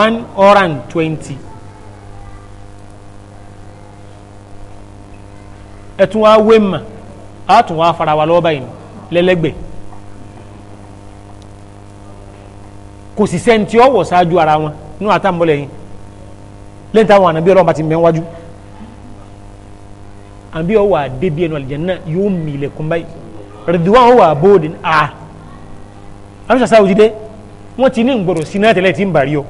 one hundred twenty. ẹ̀tún wá wé mà á tún wá fara wa lọ́wọ́ báyìí lẹ́lẹ́gbẹ̀ẹ́ kò sì sẹ́ni tí ó wọ̀ ṣáájú ara wọn nínú àtàmúlẹ̀ yìí lẹ́yìn táwọn ànábí ọlọ́run bá ti mẹ́ wájú àbí ọ wà débi ẹnu àlìjẹ́nà yóò mì ilẹ̀kùn báyìí rẹ̀dùwọ̀n ó wà bóòdì à àbí sàṣà òjìdé wọ́n ti ní ìgbọ̀rọ̀ sí náà tẹ́lẹ̀ tí ń bàrí ọ.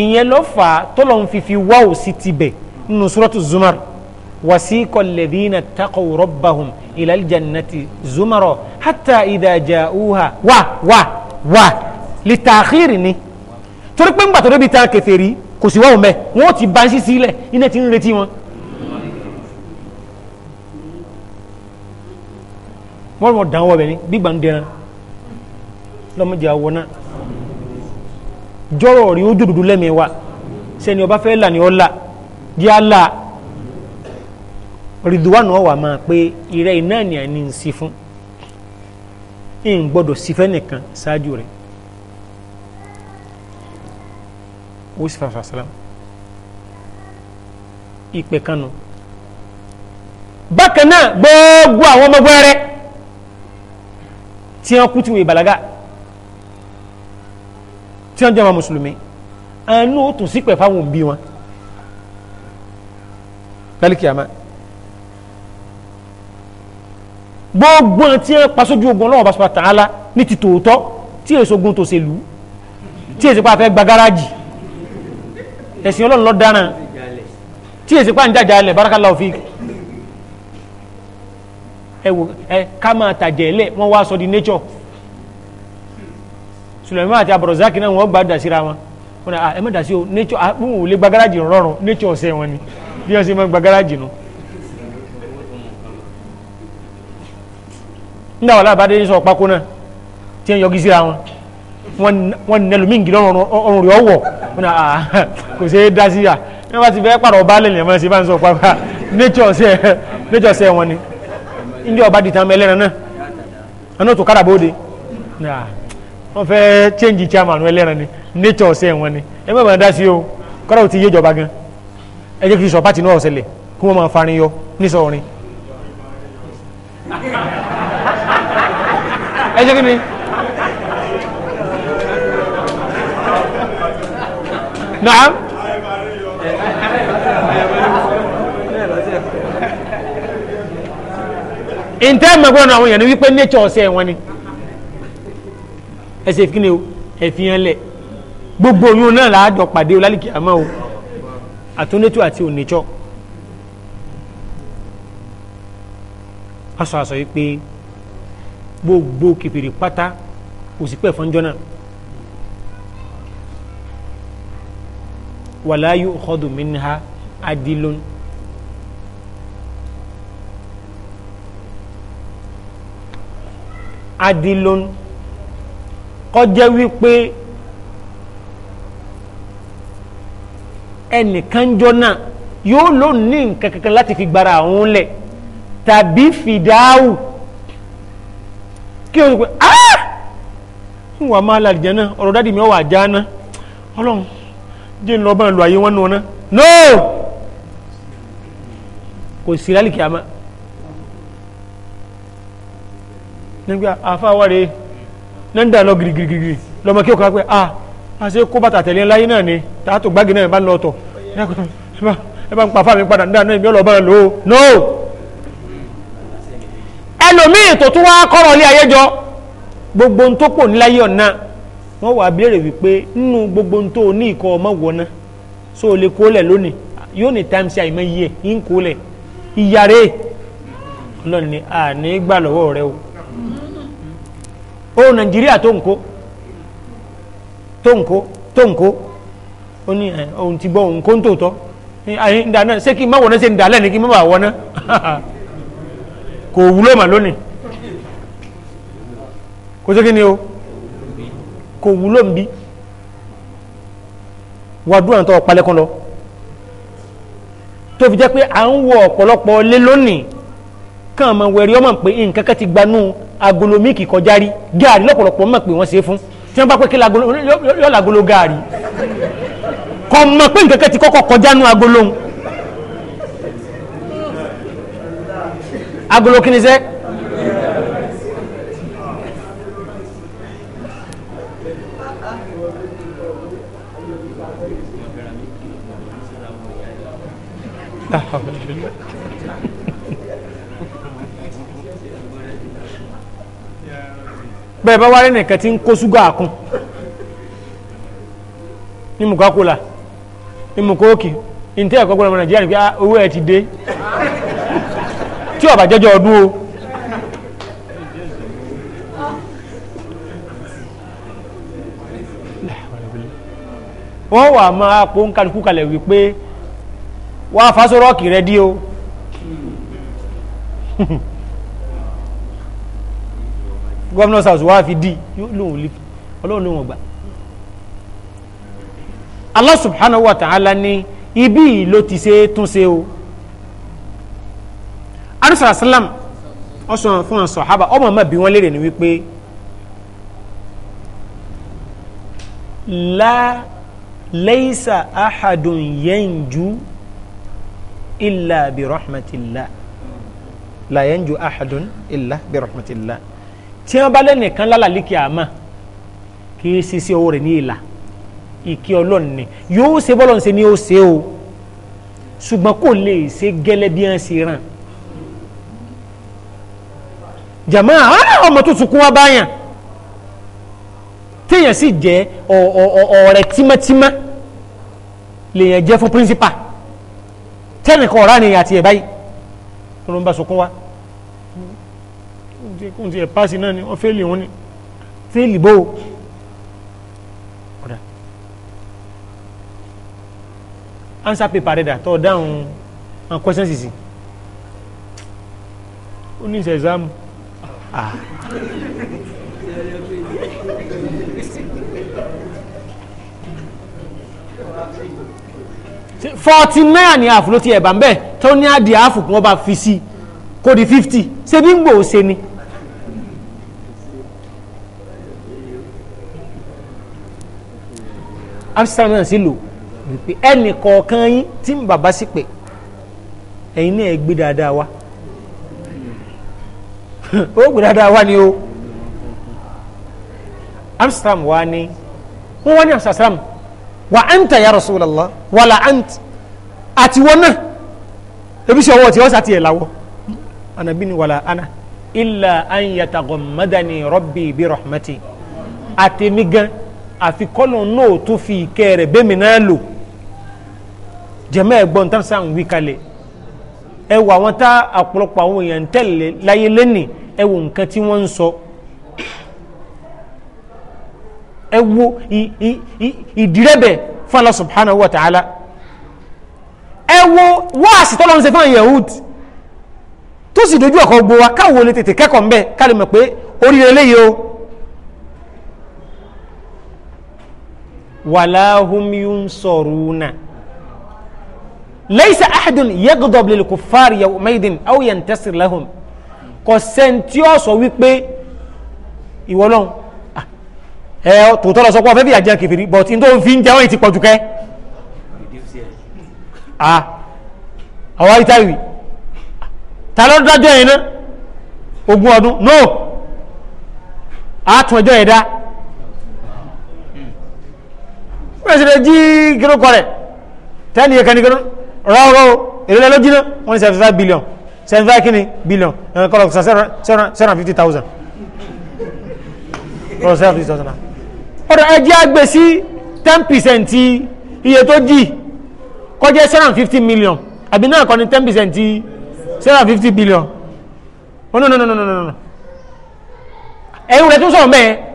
ìyẹn ló fà á tọ́lọ̀ ń fífi wáwò sí tibẹ̀ nínú suratu zumar wasiqa alladhina taqaw rabbahum ila aljannati zumaro hatta idha ja'uha wá wá wá litakhiri ni torí pé ńgbà tó débi ta kèfèrí kò sí wáwò mẹ́ wọ́n ti bá sí sílẹ̀ iná ti ń retí wọn. wọ́n mọ̀ dánwọ́ bẹ̀ ni gbígbà ń lọ́mọdé àwọn náà jọ́rọ̀ rí ó dòdòdó lẹ́mìí wa sẹ́ni ọba fẹ́ là ní ọlá di àlà ridwan ọwà máa pé ìrẹ́ iná ni àní ń sí fún ń gbọ́dọ̀ sí fẹ́ nìkan ṣáájú rẹ̀ ó sì fàfà sàlám ìpè kanu bákan náà gbogbo àwọn ọmọ gbọ́ rẹ̀ tí wọ́n kú tí wọ́n ìbàlágà tí wọ́n jẹ́ àwọn mùsùlùmí àánú ó tún sípẹ̀ fáwọn òbí wọn lálẹ́kì àmà gbogbo tí wọ́n pasójú ogun ọlọ́wọ́ bàṣọ ta'ala ní ti tòótọ́ tí èso ogun tó ṣe lù ú tí èso pa fẹ́ gba gáràjì ẹ̀sìn ọlọ́run lọ dáná tí èsì pa ń jàjà ẹlẹ̀ barakallahu fik ẹ wò ẹ ká máa tàjẹ̀ ẹlẹ̀ wọ́n wá sọ di nature Sulaiman àti abrozaki náà wọ́n gbà dà síra wọn wọn ni ẹ má dà o nature ah ò lè gba garaajì rọrùn nature ọ̀sẹ̀ wọn ni bí wọ́n ṣe máa gba garaajì nù. nígbà wàhálà bá dé sọ pákó náà tí wọ́n yọgi síra wọn wọ́n ní ẹlòmíì ngìlọ́ ọrùn rẹ̀ ọwọ́ wọn ni kò ṣeé dá sí à ní ti fẹ́ pàrọ̀ baálé ni ẹ̀mọ́ ṣe bá ń sọ pápá nature ọ̀sẹ̀ wọn ni ndí ọba dìtàn mẹ́lẹ́ran náà àná tó kára bóde wọ́n fẹ́ change chairman wọn ẹlẹ́ran ni nature ọ̀sẹ̀ wọn ni ẹ má bàa dá sí o kọ́ra ò ti yé ìjọba gan ẹ jẹ́ kí sọ pàtì náà ọ̀sẹ̀lẹ̀ kí wọ́n máa farin yọ nísọ̀rin ẹ jẹ́ kí ni. naam ntẹ́ mẹ́gbọ́n náà àwọn èèyàn ni wípé nature ọ̀sẹ̀ wọn ni ẹsẹ̀ kí ni o ẹ̀fihàn lẹ̀ gbogbo oyún náà láàjọ pàdé o lálìkì àmọ́ o àtúndétò àti onítsọ́ aṣọ àṣọ yìí pé gbogbo kìfìrì pátá òsì pẹ̀ fọ́njọ́ náà wala yu'khadhu minha adilun. adilun kọjá wípé ẹnìkan jọ náà yóò lò ní nǹkan kankan láti fi gbára àwọn lẹ̀ tàbí fìdáwù kí o sọ pé ah ń wà máa làlìjẹ náà ọ̀rọ̀ dáàdì mi ọ̀ wà já náà ọlọ́run jẹ́ ń bá ń lo ayé wọn náà no kò sí lálìkì àmọ́ nígbà àfáwárẹ̀. na ń dà lọ girigirigiri lọmọ kí ọkọ pé a ah, a ṣe kó bàtà tẹ̀lé náà ni tààtò gbági náà bá ń lọ ọtọ̀ ẹ bá ń pa padà náà ọlọ́ọ̀bá lò ó no ẹlòmíì tó tún gbogbo tó pọ̀ níláyé ọ̀nà wọ́n wà bẹ̀rẹ̀ wípé gbogbo tó ní ìkọ́ so o lè lónìí yóò ní ń ìyàrá gbà ó nàìjíríà tó nkó tó nkó tó nkó ó ní eh, ohun ti gbọ́ ohun kó ń tòótọ́ ayi nda náà ṣé kí n má wọ̀ náà ṣe ń dalẹ̀ ní kí n má bà wọ̀ náà kò wúlò mà lónìí kò sí kí ni o kò wúlò ń wà dúró àwọn tó palẹ̀ kan lọ tó fi jẹ́ pé à ń wọ ọ̀pọ̀lọpọ̀ lé lónìí kàn máa wẹ̀rí ọmọ pé nǹkan kan ti gbanú agolo míìkì kọjá rí gaari lọ́pọ̀lọpọ̀ mọ̀ pé wọ́n ṣe fún tí wọ́n bá pé kí yọ̀ọ̀lá agolo gaari kọ́ mọ̀ pé nǹkan kan ti kọ́kọ́ kọjá nú agolo ń agolo kí ni sẹ́ Ah, bẹ́ẹ̀ bá wárí nìkan tí ń kó ṣúgà kún ní mú kákólà ní mú kóòkì ní tí ẹ̀kọ́ gbọ́dọ̀ nàìjíríà ní pé ah, owó ẹ̀ ti dé tí ọ̀bà jẹ́jọ́ ọdún o wọ́n wà máa pò ń kálukú kalẹ̀ wípé wá fásórọ́ọ̀kì rẹ dí o. governor's house wàá fi di lóhùn lè ọlọ́run lóhùn ọgbà Allah subhanahu wa ta'ala ní ibi ló ti ṣe tún ṣe o arusa salam ọsàn fún ọsàn sahaba ọmọ ọmọ bí wọn léèrè ni wípé la laysa ahadun yanju illa bi rahmatillah la yanju ahadun illa bi rahmatillah tí wọ́n bá lẹ́nìkan lálàlíkì àmọ́ kì í ṣe sí ọwọ́ rẹ̀ ní ìlà ìkí ọlọ́run ni yóò ṣe bọ́lọ̀ ṣe ni ó ṣe o ṣùgbọ́n kò lè ṣe gẹ́lẹ́ bí wọ́n ṣe ràn jàmá ọmọ tó sunkún wá báyàn téèyàn sì jẹ́ ọ̀rẹ́ tímọ́tímọ́ lèèyàn jẹ́ fún píríncípà tẹ́nìkan ọ̀rá nìyàn àti ẹ̀ báyìí ló ń bá sunkún wá tí kò tí ẹ̀ pàṣẹ náà ni wọ́n fẹ́ẹ̀lì òun ni fẹ́ẹ̀lì bó ọ̀dà answer paper rẹ̀ dà tọ́ dáhùn and questions sì ó ní ìṣẹ̀ exam forty nine ni àfúlótì ẹ̀bà ń bẹ̀ tó ní àdìẹ àfùkún ọba fi sí kó di fifty ṣe bí ń gbòó ṣe ni. amsterdam náà sì lò wípé ẹnì kọ̀ọ̀kan yín tí ń bàbá sì pè ẹ̀yin náà ẹ gbé dáadáa wá ó gbé dáadáa wá ni o amsterdam wá ní wọ́n wá ní amsterdam wà áńtà ya Rasulullah wàlà áńtà àti wọn náà ebi sọ wọ́n ti ọ́ sàtì anabi ni wàlà ana illa an yataghammadani rabbi bi rahmati àtẹ̀mí gan àfi kọ́nà náà tó fi ìkẹ́ rẹ̀ bẹ́mi náà lò jẹ́mẹ́ ẹ̀gbọ́n tá sàn wí kalẹ̀ ẹ wọ àwọn tá àpọ̀lọpọ̀ àwọn èèyàn ń tẹ̀lé láyé lẹ́nì ẹ wọ nǹkan tí wọ́n ń sọ ẹ wo ìdírẹ́bẹ̀ fún Allah subhanahu wa ta'ala ẹ wo wáàsì tọ́lọ́ ń ṣe fún yahud tó sì dojú ọkọ̀ gbowó káwọn olè tètè kẹ́kọ̀ọ́ ń bẹ̀ mọ̀ pé oríire léyìí o. wàláhùmíún sọ̀rùnà lẹ́yìn àhàdùn yẹ́gọ̀dọ̀bù lè kò fàárì yàwó mẹ́dìn áwòyàn tẹ́sìrì lẹ́hùn kò sẹ́ni tí ó sọ wípé ìwọlọ́n ah, ẹ tòótọ́ lọ sọ pé ọ̀fẹ́ bí àjẹ́ kẹfìrí but n tó fi ń jẹun ti pọ̀jù kẹ́ ah, àwọn ìtàwí ta ló dájọ́ yẹn náà ogún ọdún no àtúnjọ́ yẹn dá wọ́n ṣe lè jí kíló kọ́ rẹ̀ tẹ́lẹ̀ yẹn kẹ́nìkan rọ́rọ́ èrèlẹ́ ló jiná wọ́n ní seventy five billion seventy five kíni billion ẹ̀rọ kọ́lọ̀ sọ seven hundred fifty thousand kọ́lọ̀ seven hundred fifty thousand. ọ̀dọ̀ ẹ jẹ́ àgbẹ̀ sí ten percent iye tó jì kọjá seven hundred fifty million àbí náà kọ́ni ten percent seven hundred fifty billion. Oh, no no no no no no ẹ̀rù rẹ̀ tún sọ̀rọ̀ mẹ́ẹ̀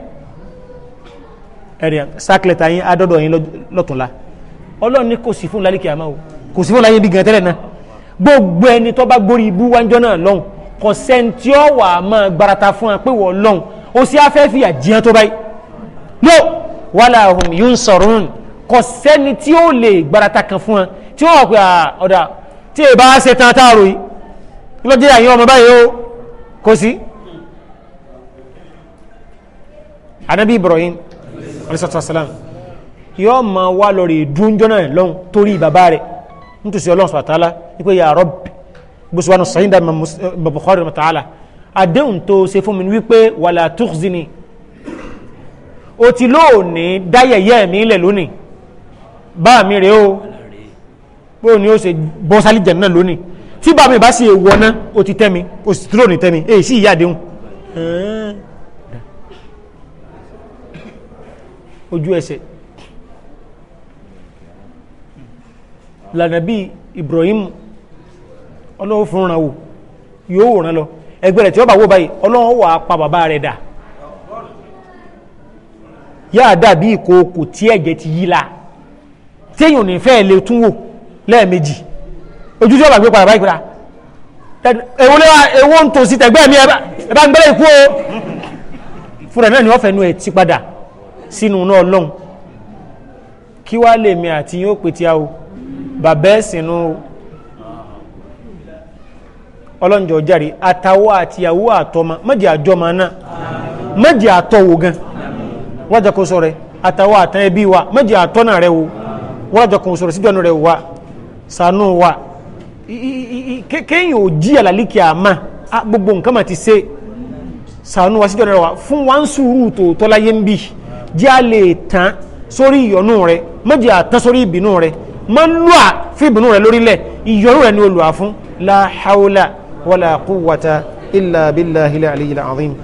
ẹ̀rìn sákìlẹ̀tà yín adọ́dọ̀ yín lọ́tùnla ọlọ́run ní kò sí fún lálẹ́ kìámà o kò sí fún láyé bí gan tẹ́lẹ̀ náà gbogbo ẹni tó bá gbórí ibú wájọ́ náà lọ́hùn kò sẹ́ńtì ọ̀ wà máa gbarata fún wa pé wọ́n lọ́hùn ó sì afẹ́ fìyà jiyàn tó báyìí no wàhálà ọ̀hún yóò ń sọ̀rọ̀ nù kò sẹ́ni tí ó lè gbarata kan fún wa tí wọ́n pè ọ̀dà tí èèbá ṣe tán táàrò yìí lọ́jọ́ àyìn ọmọ báyìí ó kò sí. anabi ibrahim alisatasalam yóò máa wá lọ rè dúnjọ́ náà lọ́hùn torí bàbá rẹ̀ nítòsí ọlọ́run sọ̀tàlá ya Rabbi gbèsè wánú sàyíndà Bukhari mọ̀tàlá àdéhùn tó ṣe fún mi wípé wala tukhzini o ti lóòní dáyẹ̀yẹ́ mi lẹ̀ lónìí bá mi rè o bó ni ó ṣe bọ́ sálí náà lónìí tí bá mi bá sì wọ̀ náà o ti tẹ́ mi o sì tún lóòní tẹ́ mi èyí sì ìyá àdéhùn. ojú ẹsẹ̀ lànàbí Ibrahim ọlọ́wọ́ fún ràn wò yóò wòran lọ ẹgbẹ́ rẹ̀ tí ó bá wó báyìí ọlọ́wọ́ wà á pa bàbá rẹ̀ dà yáà dàbí ìkookò tí ẹ̀jẹ̀ ti yí la téèyàn ní fẹ́ lè tún wò lẹ́ẹ̀mejì ojú tí ó bá gbé padà báyìí padà èwo lé wa èwo ń tòsí tẹ̀gbẹ́ mi ẹ bá ń gbẹ́lẹ̀ ikú o fúnra náà ni wọ́n fẹ́ nu ẹ̀ ti padà sínú náà lọ́n kí wá lè mi àti yóò pè tí a o bàbá ẹ̀sìn nu ọlọ́njọ́ járe àtàwọ̀ àtìyàwó àtọ́mọ mọ́jì àjọmọ náà mọ́jì àtọ́wò gan wọ́n jẹ́ kó sọ rẹ̀ àtàwọ̀ àtàn ẹbí wa mọ́jì àtọ́nà rẹ̀ wo wọ́n jẹ́ kó sọ rẹ̀ síjọ́nù rẹ̀ wa sànú wa kéèyàn ò jí àlàlíkì àmà gbogbo nǹkan mà ti ṣe sànú wa síjọ́nù rẹ̀ wa fún wa ń sùúrù tòótọ́ láyé ń bì jẹ́ a lè tán sórí ìyọnú rẹ méjì àtán sórí ìbínú rẹ mọ lùà fi ìbínú rẹ lórílẹ̀ ìyọnú rẹ ni olùwà fún la hawla wala quwwata illa billahi al-aliyyil azim.